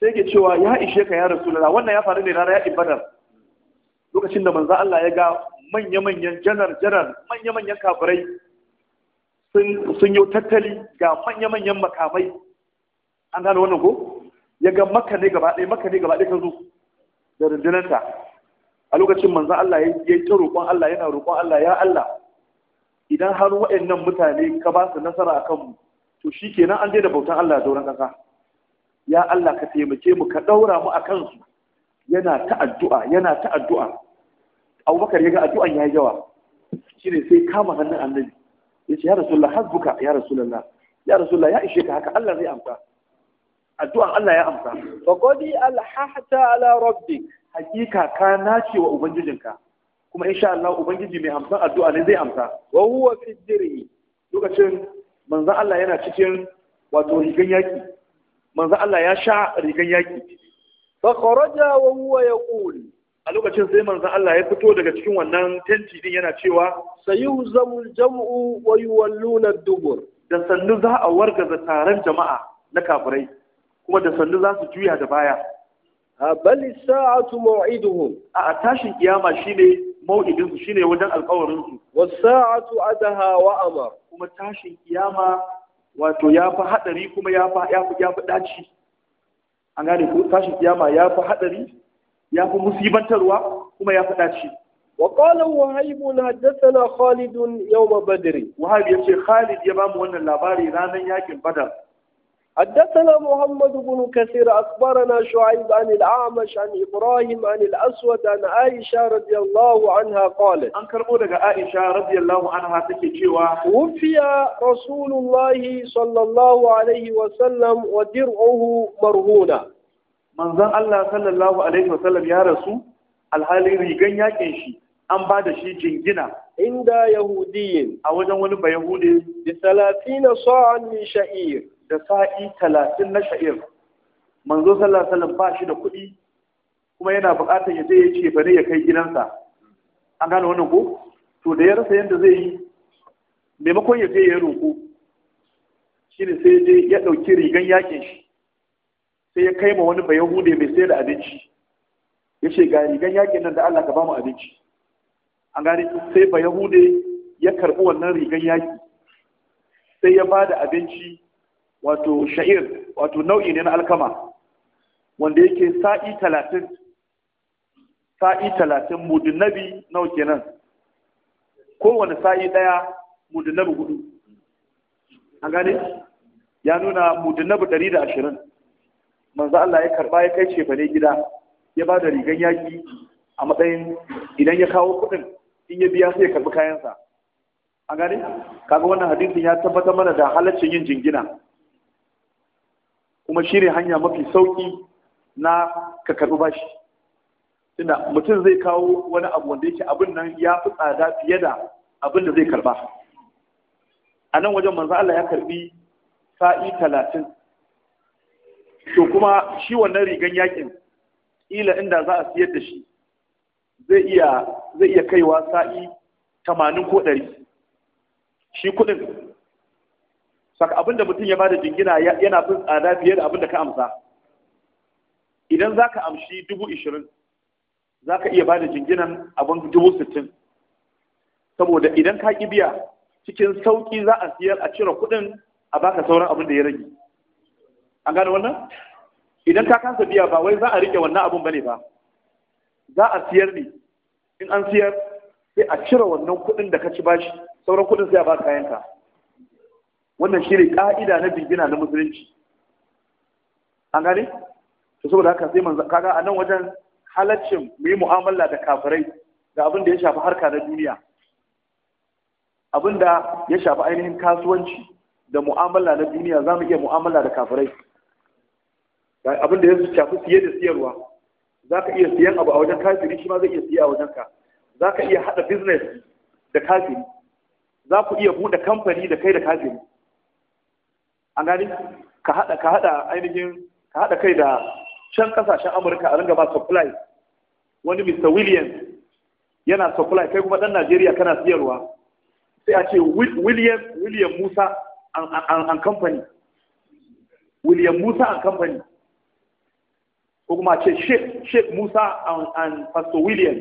sai ke cewa ya ishe ka ya Rasulallah wannan ya faru ne rana ya ibadar. lokacin da manzo Allah ya ga manya-manyan janar-janar manya-manyan kafirai sun yi tattali ga manya-manyan makamai an gano wannan ko ya ga maka ne gaba ɗaya maka ne gaba ɗaya ka zo da rundunanta. a lokacin manzan Allah ya yi ta roƙon Allah yana roƙon Allah ya Allah idan har waɗannan mutane ka ba su nasara a kanmu to shi kenan an je da bautan Allah da sauran ƙasa ya Allah ka taimake mu ka ɗaura mu a kansu yana ta addu'a yana ta addu'a abubakar ya ga addu'an ya yi yawa shi ne sai kama hannun annabi ya ce ya rasulullah hasbuka ya rasulullah ya rasulullah ya ishe ka haka Allah zai amsa Addu'a Allah ya amsa faqadi alhahta ala rabbik hakika ka nace wa ubangijinka kuma insha Allah ubangiji mai amsa addu'a ne zai amsa wa huwa fi dirhi lokacin manzon Allah yana cikin wato rigan yaki manzon Allah ya sha rigan yaki fa kharaja wa huwa yaqul a lokacin sai manzon Allah ya fito daga cikin wannan tenti din yana cewa sayuzamul jam'u wa yuwalluna dubur da sannu za a wargaza taron jama'a na kafirai kuma da sannu za su juya da baya bal sa'atu maw'iduhum a tashin kiyama shine maw'idin su shine wajen alƙawarin su Wa sa'atu adaha wa amar kuma tashin kiyama wato yafi hadari kuma yafi yafi yafi daci an gane ko tashin kiyama yafi hadari yafi musibantarwa kuma yafi daci وقال وهيب حدثنا خالد يوم بدر وهيب Khalid ya bamu wannan labari ranan yakin badar حدثنا محمد بن كثير أخبرنا شعيب عن الأعمش عن إبراهيم عن الأسود عن عائشة رضي الله عنها قالت أن كرمودك عائشة رضي الله عنها تكيشيوا وفي رسول الله صلى الله عليه وسلم ودرعه مرهونة من ذا الله صلى الله عليه وسلم يا رسول الحالي ريغن يكنشي an ba da shi jingina inda yahudiyin a wajen wani bayahudi bi 30 sa'an min sha'ir da sa'i talatin na sha'ir manzo sallallahu alaihi wasallam ba shi da kuɗi kuma yana buƙatar ya je ya ce bare ya kai gidansa an gane wannan ko to da ya rasa yadda zai yi maimakon ya je ya roƙo shine sai je ya ɗauki rigan yakin shi sai ya kai ma wani hude mai sayar da abinci ya ce ga rigan yakin nan da Allah ka ba mu abinci an gane sai hude ya karɓi wannan rigan yaki sai ya ba da abinci wato sha'ir wato nau'i ne na alkama wanda yake sa'i talatin sa'i talatin mudunabi nawa kenan kowane sa'i ɗaya mudunabi hudu an gane ya nuna mudunabi dari da ashirin manzo Allah ya karba ya kai cefane gida ya ba da rigan yaki a matsayin idan ya kawo kuɗin in ya biya sai ya karɓi kayansa an gane kaga wannan hadisin ya tabbatar mana da halaccin yin jingina kuma shi ne hanya mafi sauƙi na ka karɓi bashi tunda mutum zai kawo wani abu wanda yake abin nan ya fi tsada fiye da abin da zai karɓa a nan wajen manzo Allah ya karɓi sa'i talatin to kuma shi wannan rigan yakin ila inda za a siyar da shi zai iya zai iya kaiwa sa'i tamanin ko ɗari shi kuɗin saka abin da mutum ya bada jingina yana fin tsada fiye da abin da ka amsa idan za ka amshi dubu ishirin za ka iya bada jinginan abin dubu sittin saboda idan ka ƙi biya cikin sauƙi za a siyar a cire kuɗin a baka sauran abin da ya rage an gane wannan idan ka kansa biya ba wai za a rike wannan abin bane ba za a siyar ne in an siyar sai a cire wannan kuɗin da ka ci bashi sauran kuɗin sai a ba kayanka wannan shi ne ƙa'ida na bibina na musulunci an gane to saboda haka sai manzan kaga a nan wajen halaccin mu yi mu'amala da kafirai ga abin da ya shafi harka na duniya abin da ya shafi ainihin kasuwanci da mu'amala na duniya za mu iya mu'amala da kafirai abin da ya shafi siye da siyarwa za ka iya siyan abu a wajen kafiri shi ma zai iya siya a wajen ka za ka iya haɗa business da kafiri za ku iya buɗe kamfani da kai da kafiri an gani ka hada ka hada ainihin ka hada kai da can kasashen amurka a ringa ba supply wani mr williams yana supply kai kuma dan najeriya kana siyarwa sai a ce william william musa an company william musa an company ko kuma a ce sheikh sheikh musa an pastor william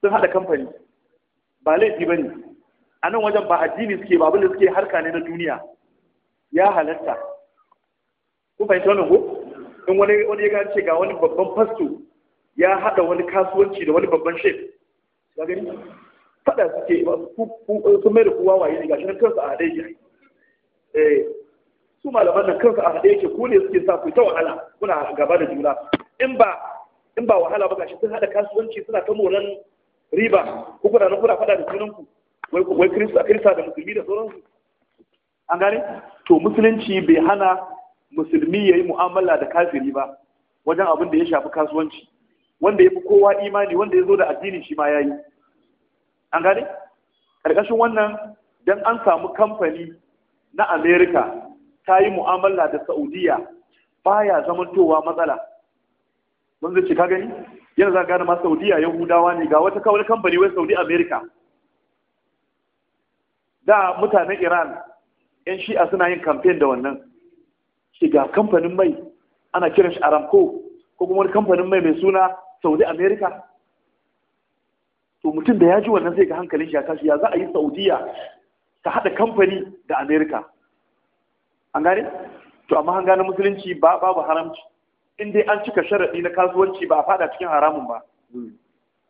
sun hada kamfani ba laifi ba ne a nan wajen ba addini suke ba abin da suke harka ne na duniya ya halatta ku fahimta wannan ko in wani wani ya ce ga wani babban fasto ya hada wani kasuwanci da wani babban shef ga gani fada suke sun mai da kowa waye ne gashi nan kansu a hade yake eh su malaman nan kansu a hade yake ku ne suke sa ku ta wahala kuna gaba da juna in ba in ba wahala ba gashi sun hada kasuwanci suna ta moran riba ku kuna nan kuna fada da junanku wai wai kirista kirista da musulmi da sauransu an gane to musulunci bai hana musulmi ya yi mu'amala da kafiri ba wajen abin da ya shafi kasuwanci wanda ya fi kowa imani wanda ya zo da addini shi ma ya yi an gane ƙarƙashin wannan don an samu kamfani na amerika ta yi mu'amala da saudiya baya zamantowa matsala mun zai ka gani yana za gane ma saudiya yahudawa ne ga wata kawai kamfani wai saudi amerika da mutanen iran yan shi'a suna yin kamfen da wannan Shiga kamfanin mai ana kiran shi aramco ko kuma wani kamfanin mai mai suna saudi america to mutum da ya ji wannan sai ga hankalin shi ya tashi ya za a yi saudiya ta haɗa kamfani da america an gane to amma an gane musulunci ba babu haramci in dai an cika sharaɗi na kasuwanci ba a fada cikin haramun ba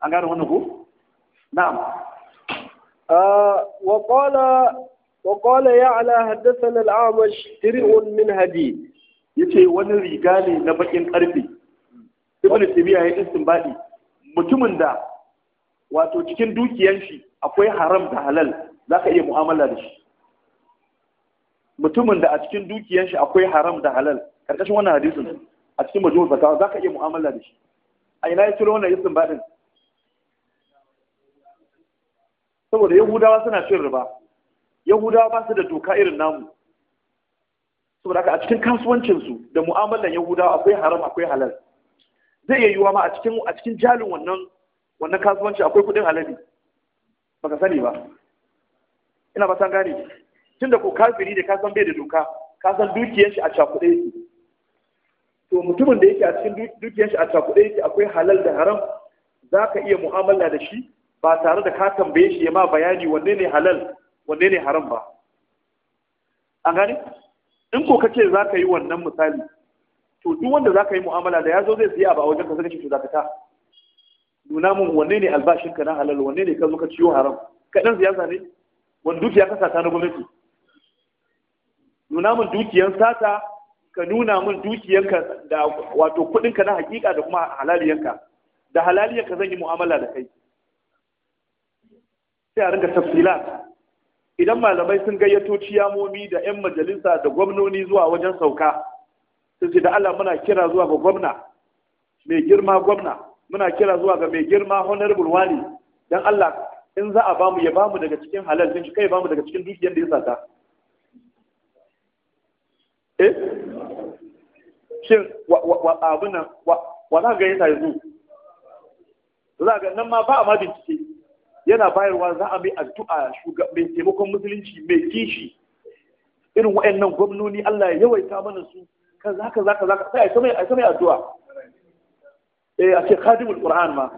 an gane wannan ko na'am ah, wa وقال يعلى حدثنا الأعمش درع من حديد yace wani riga ne na bakin karfe ibnu tabiya ya istinbadi mutumin da wato cikin dukiyan shi akwai haram da halal zaka iya mu'amala da shi mutumin da a cikin dukiyan shi akwai haram da halal karkashin wannan hadisin a cikin majmu'ul fatawa zaka iya mu'amala da shi a ina ya ciro wannan badin saboda yahudawa suna cin riba yahudawa ba su da doka irin namu saboda haka a cikin kasuwancinsu da mu'amalar yahudawa akwai haram akwai halal zai iya yiwuwa ma a cikin a cikin jalin wannan wannan kasuwanci akwai kuɗin halali baka sani ba ina ba san gane tunda ko kafiri da kasan bai da doka kasan dukiyar shi a cakuɗe yake to mutumin da yake a cikin dukiyar shi a cakuɗe yake akwai halal da haram za ka iya mu'amala da shi ba tare da ka tambaye shi ya ma bayani wanne ne halal wanne ne haram ba an gane in ko kace za ka yi wannan misali to duk wanda za ka yi mu'amala da ya zo zai siya ba a wajen ka zaka ce to zaka ta nuna mun wanne ne albashin ka na halal wanne ne ka zo ka ciyo haram kaɗan siyasa ne wani dukiya ka sata na gwamnati nuna mun dukiyan sata ka nuna mun dukiyanka da wato kuɗinka na hakika da kuma halaliyanka da halaliyanka zan yi mu'amala da kai sai a ringa tafsilata idan malamai sun gayyato ciyamomi da 'yan majalisa da gwamnoni zuwa wajen sauka sai ce da Allah muna kira zuwa ga gwamna mai girma gwamna muna kira zuwa ga mai girma honorable wani don Allah in za a bamu ya bamu daga cikin halal din shi kai bamu daga cikin dukiyar da ya sata eh shin wa abin nan wa za ga yasa yanzu za ga nan ma ba a ma bincike yana bayarwa za a mai addu'a mai taimakon musulunci mai kishi irin wa'annan gwamnoni Allah ya yawaita mana su kaza kaza kaza sai a yi mai addu'a eh a ce khadimul qur'an ma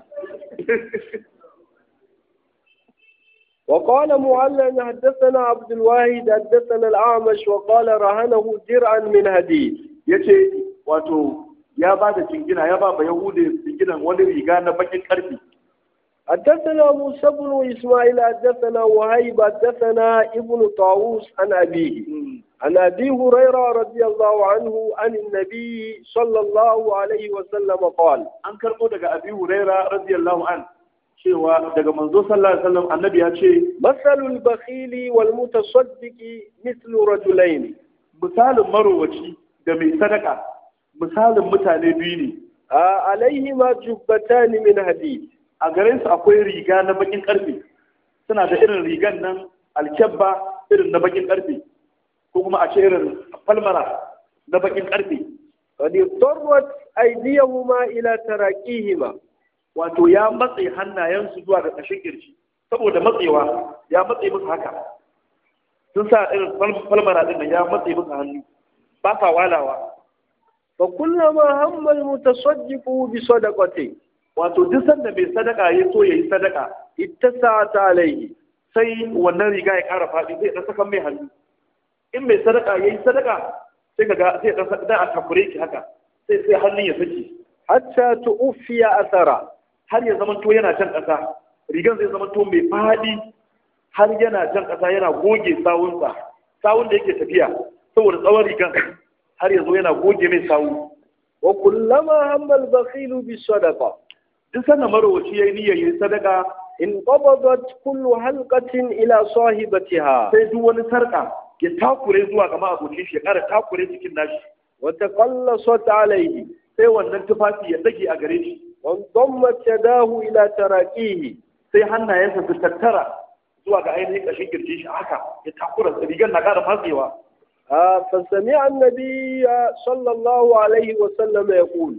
وقال معلم حدثنا عبد الواحد حدثنا الأعمش وقال رهنه درعا من هدي yace wato ya ba da jingina ya ba ba yahude jinginan wani riga na bakin karfi حدثنا موسى بن اسماعيل حدثنا وهيب حدثنا ابن طاووس عن ابيه عن ابي هريره رضي الله عنه عن النبي صلى الله عليه وسلم قال ان كربو daga abi huraira radiyallahu an cewa daga manzo sallallahu alaihi wasallam annabi ya ce masalul bakhili wal mutasaddiqi mithlu rajulaini misalin marowaci da mai sadaka misalin mutane biyu ne alaihima jubbatani min hadid a garin su akwai riga na bakin karfe suna da irin rigan nan alkyabba irin na bakin karfe ko kuma a ce irin falmara na bakin karfe wani torwat huma ila tarakihima wato ya matsayi hannayensu zuwa ga kashin kirji saboda matsewa ya matsayi musu haka sun sa irin falmara din ya matse musu hannu ba sa walawa fa kullama hammal mutasaddiqu bi sadaqati wato duk sanda mai sadaka ya so ya yi sadaka ita sa ta alaihi sai wannan riga ya ƙara faɗi ya ɗan sakan mai hannu in mai sadaka ya yi sadaka sai ka ga sai ɗan sadaka a takure ki haka sai sai hannun ya saki hatta ta ufiya asara har ya to yana can ƙasa rigan zai to mai faɗi har yana can ƙasa yana goge sawunsa sawun da yake tafiya saboda tsawon rigan har ya zo yana goge mai sawu wa kullama hammal bakhilu bi sadaqa duk sanda marowaci yi niyyar yin sadaka in qabadat kullu halqatin ila sahibatiha sai duk wani sarka ya takure zuwa ga ma'abocin shi ya kara takure cikin nashi wa taqallasat alayhi sai wannan tufafi ya dage a gare shi wa dammat yadahu ila taraqihi sai hannayensa su tattara zuwa ga ainihin kashin kirjin shi haka ya takura rigar na kara fatsewa فسمع النبي صلى الله عليه وسلم يقول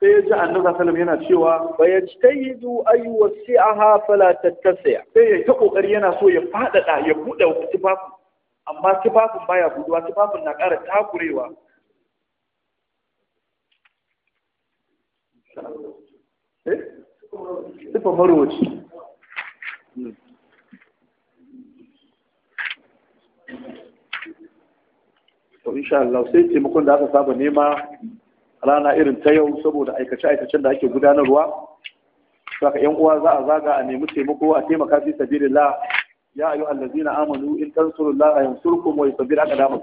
sai ya ji annabi sallam yana cewa fa yajtahidu ay wasi'aha fala tattasi' sai ya ta kokari yana so ya fadada ya bude tufafi amma tufafin baya buduwa tufafin na ƙara takurewa Tufa eh? marowaci. To, insha Allah, sai taimakon da aka saba nema rana irin ta yau saboda aikace-aikacen da ake gudanarwa saka yan uwa za a zaga a nemi taimako a taimaka fi sabilillah ya allazina amanu in tansurullaha yansurkum wa yusabbir aqdamakum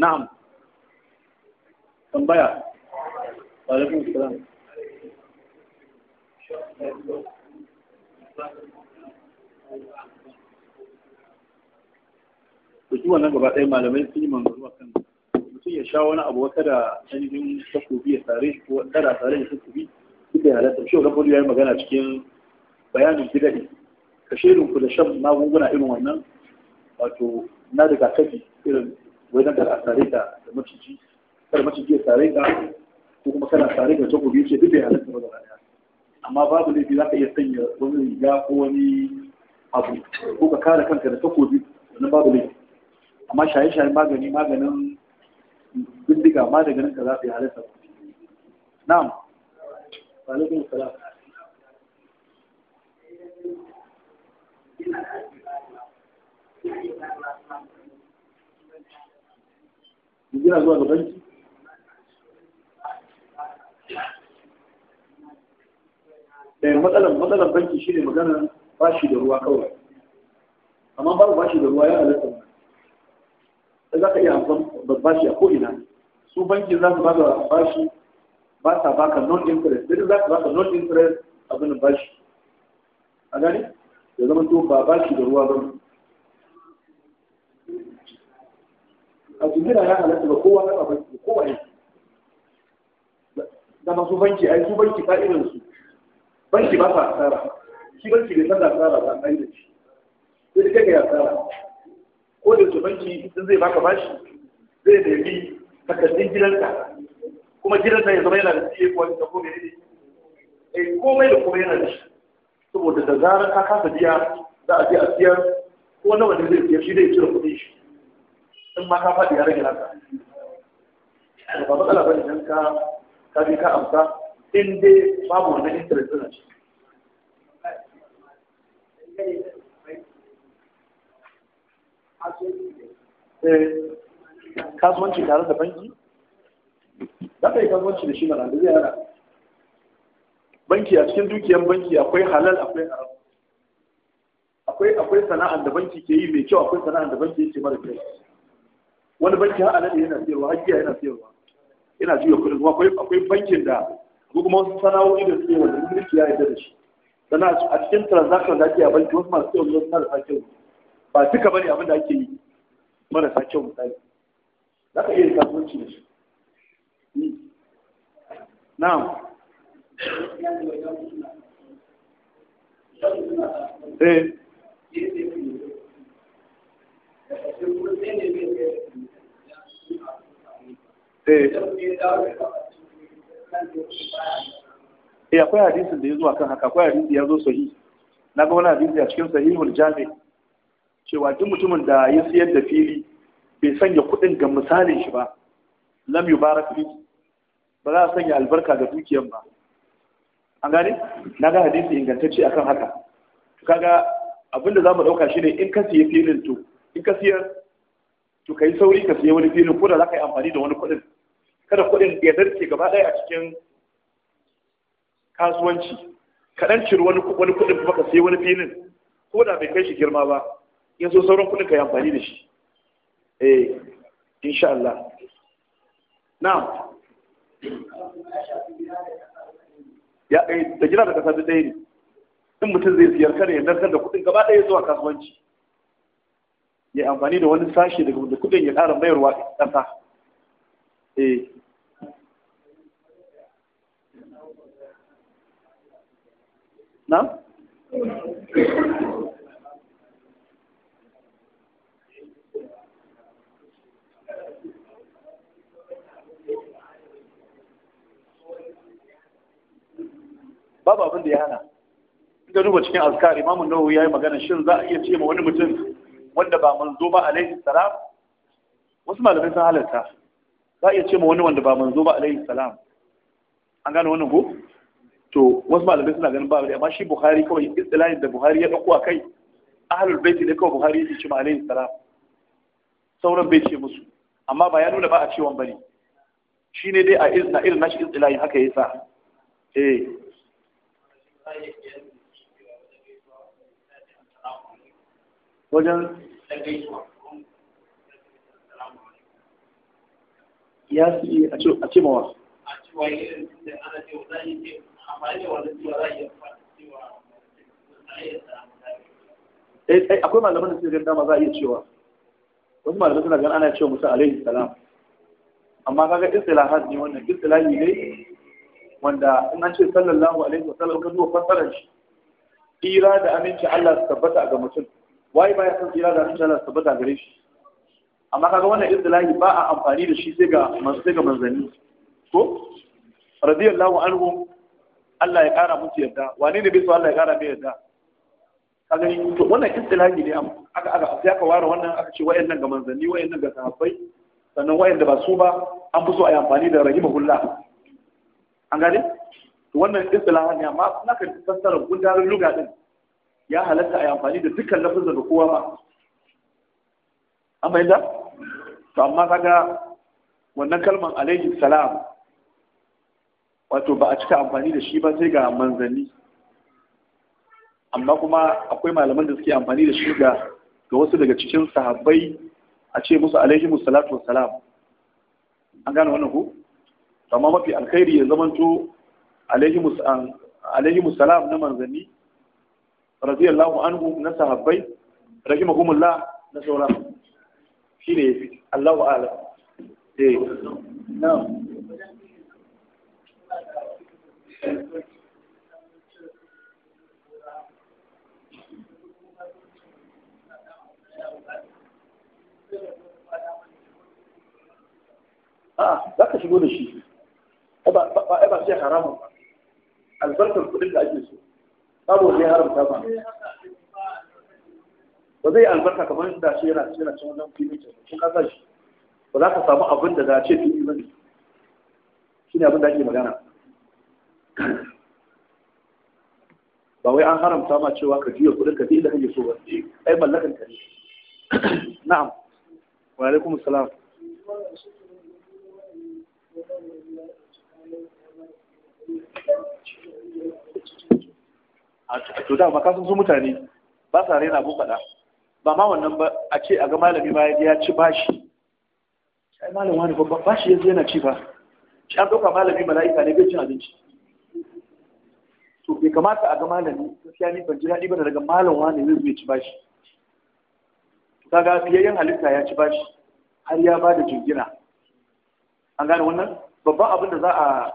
na'am tambaya alaikum salam Kuki wannan gaba ɗaya malamai sun yi mangaru a kan mutum ya sha wani abu wata da ainihin takobi ya sare ko da sare da takobi suke halatta shi wani ya yi magana cikin bayanin bidai ka shirin ku da shan magunguna irin wannan wato na daga kaji irin wai dan kada a sare da maciji kada maciji ya sare ka ko kuma kana sare ka takobi ce duk bai halatta ba gaba amma babu laifi za ka iya sanya wani riga ko wani abu ko ka kare kanka da takobi wannan babu laifi amma shaye shaye magani maganin bindiga maganin ka za su yi halatta na'am alaikum salam Thank you. yana zuwa ga banki matsalan eh, matsalan banki shine magana bashi da ruwa kawai amma babu bashi da ruwa ya halatta da za ka iya amfan bashi a ko'ina su banki za su baka bashi ba sa baka non interest sai za su baka non interest abin bashi a gani ya zama to ba bashi da ruwa ba a jingina ya halatta ba kowa na banki kowa ne da masu banki ai su banki ka'idan su banki ba sa tsara shi banki bai san da asara ba an da shi sai da kai tsara. ko da su banki sun zai baka bashi zai nemi takardun gidanka kuma gidanka ya zama yana da tsaye ko wani ko mai ne eh komai da komai yana da shi saboda da zarar ka kasa biya za a je a siyar ko nawa ne zai siyar shi zai cire kuɗin shi in ma ka faɗi ya rage naka to ba matsala bane dan ka ka bi ka amsa in dai babu wannan interest din eh, kasuwanci tare da banki za ka yi kasuwanci da shi mana da zai hana banki a cikin dukiyar banki akwai halal akwai haram akwai akwai sana'ar da banki ke yi mai kyau akwai sana'ar da banki yake mara kyau wani banki har alade yana siyarwa har giya yana siyarwa yana juya kuɗin kuma akwai bankin da ko kuma wasu sana'o'i da suke wanda mulki ya yarda da shi sana a cikin transaction da ake a banki wasu masu siyarwa wasu marasa kyau ba duka bane abin da ake yi marasa kyau misali za ka iya yin kasuwanci da shi na'am eh Eh. eh akwai hadisin da ya zuwa kan haka akwai hadisi ya zo sahi na ga wani hadisi a cikin sahihul jami cewa duk mutumin da ya siyar da fili bai sanya kuɗin ga misalin shi ba lam yubarak fi ba za a sanya albarka ga dukiyan ba an gane na ga hadisi ingantacce akan haka kaga abinda za mu ɗauka shi ne in ka siya filin to in ka siyar to kai sauri ka sayi wani filin ko da za ka yi amfani da wani kuɗin kada kuɗin ya zarce gaba ɗaya a cikin kasuwanci kaɗan ciri wani wani kuɗin kuma ka sayi wani filin ko da bai kai shi girma ba Ya so sauran kuɗin ka yi amfani da shi eh insha Allah na'am ya eh, da gida da kasa ɗaya ne in mutum zai siyar kada ya narkar da kuɗin gaba ɗaya zuwa kasuwanci ya amfani da wani sashi daga wanda kudin ya ƙara mayarwa ƙasa eh. na? babu abin da ya hana in ga duba cikin azkar imamun nawawi ya yi magana shin za a iya ce ma wani mutum wanda ba manzo ba alaihi salam wasu malamai sun halarta za a iya ce ma wani wanda ba manzo ba alaihi salam an gane wannan ko to wasu malamai suna ganin babu amma shi buhari kawai istilahin da buhari ya dauko a kai ahlul baiti ne kawai buhari ya ce ma alaihi salam sauran bai ce musu amma ba ya nuna ba a cewan bane shi ne dai a irin nashi istilahi haka ya sa eh wajen ya fi a ce mawa eh, eh, akwai malaman da suke gan dama za a iya cewa wasu malaman suna gan ana cewa musa alaihi salam amma kaga istilahat ne wannan istilahi ne wanda in an ce sallallahu alaihi wasallam ka zo fassarar shi ira da aminci Allah su tabbata ga mutum waye baya son tsira da Allah su bata gare shi amma kaga wannan istilahi ba a amfani da shi sai ga masu sai ga manzanni ko radiyallahu anhu Allah ya kara musu yarda wani ne bai so Allah ya kara mai yarda kaga to wannan istilahi ne aka aka sai aka ware wannan aka ce wayannan ga manzanni wayannan ga sahabbai sannan wayanda ba su ba an fi so a yi amfani da rahimahullah an gane to wannan istilahi ne amma naka fassara gudanar lugadin ya halatta a yi amfani da dukkan lafazin da kowa ba an yadda to amma kaga wannan kalman alaihi salam wato ba a cika amfani da shi ba sai ga manzanni amma kuma akwai malaman da suke amfani da shi ga ga wasu daga cikin sahabbai a ce musu alaihi salatu wassalam an gane wannan ku amma mafi alkhairi ya zamanto alaihi salam na manzanni رضي الله عنه نسى هبي رحمهم الله نسى ولا الله أعلم إيه نعم آه لا تشغل شيء أبا أبا شيخ حرام البركة الكل اللي أجلسه saboda ya haramta ba ba zai albarka kamar da shi yana cikin wajen filin cikin kasar shi ba za ka samu abin da za a ce fili ba ne shi ne abin da ake magana ba wai an haramta ma cewa ka juya kudin ka da kake so ba ai mallakan ka ne na'am wa alaikum salam a to ba kasan su mutane ba sa raina ko faɗa ba ma wannan ba a ce a ga malami ba ya ci bashi ai malam wani ba bashi yanzu yana ci ba shi an ɗauka malami mala'ika ne bai cin abinci to bai kamata a ga malami gaskiya ni ban ji daɗi ba daga malam wani zai zai ci bashi kaga fiyayyen halitta ya ci bashi har ya ba da jingina an gane wannan babban abin da za a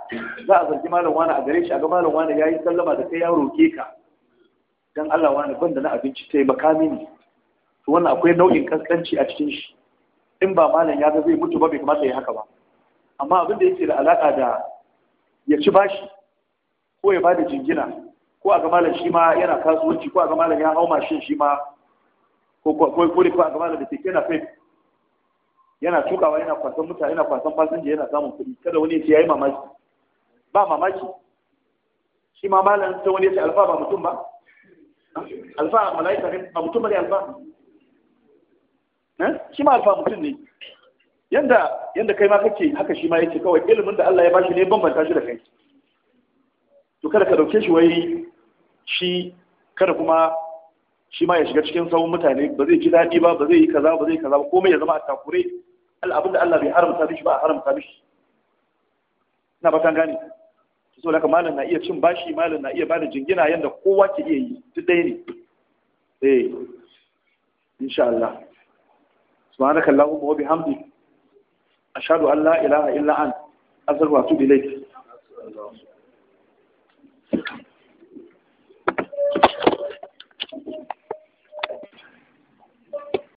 zargi malam wani a gare shi a ga malam wani ya yi sallama da kai ya roke ka dan Allah wani ban da na abinci makami ne to wannan akwai nau'in kaskanci a cikin shi in ba malam ya ga zai mutu ba bai kamata ya haka ba amma abin da yake da alaka da ya ci bashi ko ya bada jingina ko a ga malam shi ma yana kasuwanci ko a ga malam ya hau mashin shi ma ko ko ko a ga malam da take yana fai yana tukawa yana kwasan mutane yana kwasan fasinja yana samun kuɗi kada wani ya yi mamaki ba mamaki shi ma malam sai wani ya ce alfa ba mutum ba alfa malaika ne ba mutum bane alfa eh? shi ma alfa mutum ne yanda yanda kai ma kake haka shi ma yake kawai ilimin da Allah ya bashi ne bambanta shi da kai to kada ka dauke shi wai shi kada kuma shi ma ya shiga cikin sauran mutane ba zai ji daɗi ba ba zai yi kaza ba zai yi kaza ba komai ya zama a takure abin da Allah bai haramta mishi ba a haramta mishi ina ba kan gane so da malam na iya cin bashi malam na iya bada jingina yadda kowa ke iya yi duk ɗaya ne eh insha Allah subhanaka allahumma wa bihamdi ashhadu an la ilaha illa anta astaghfiruka wa atubu ilayk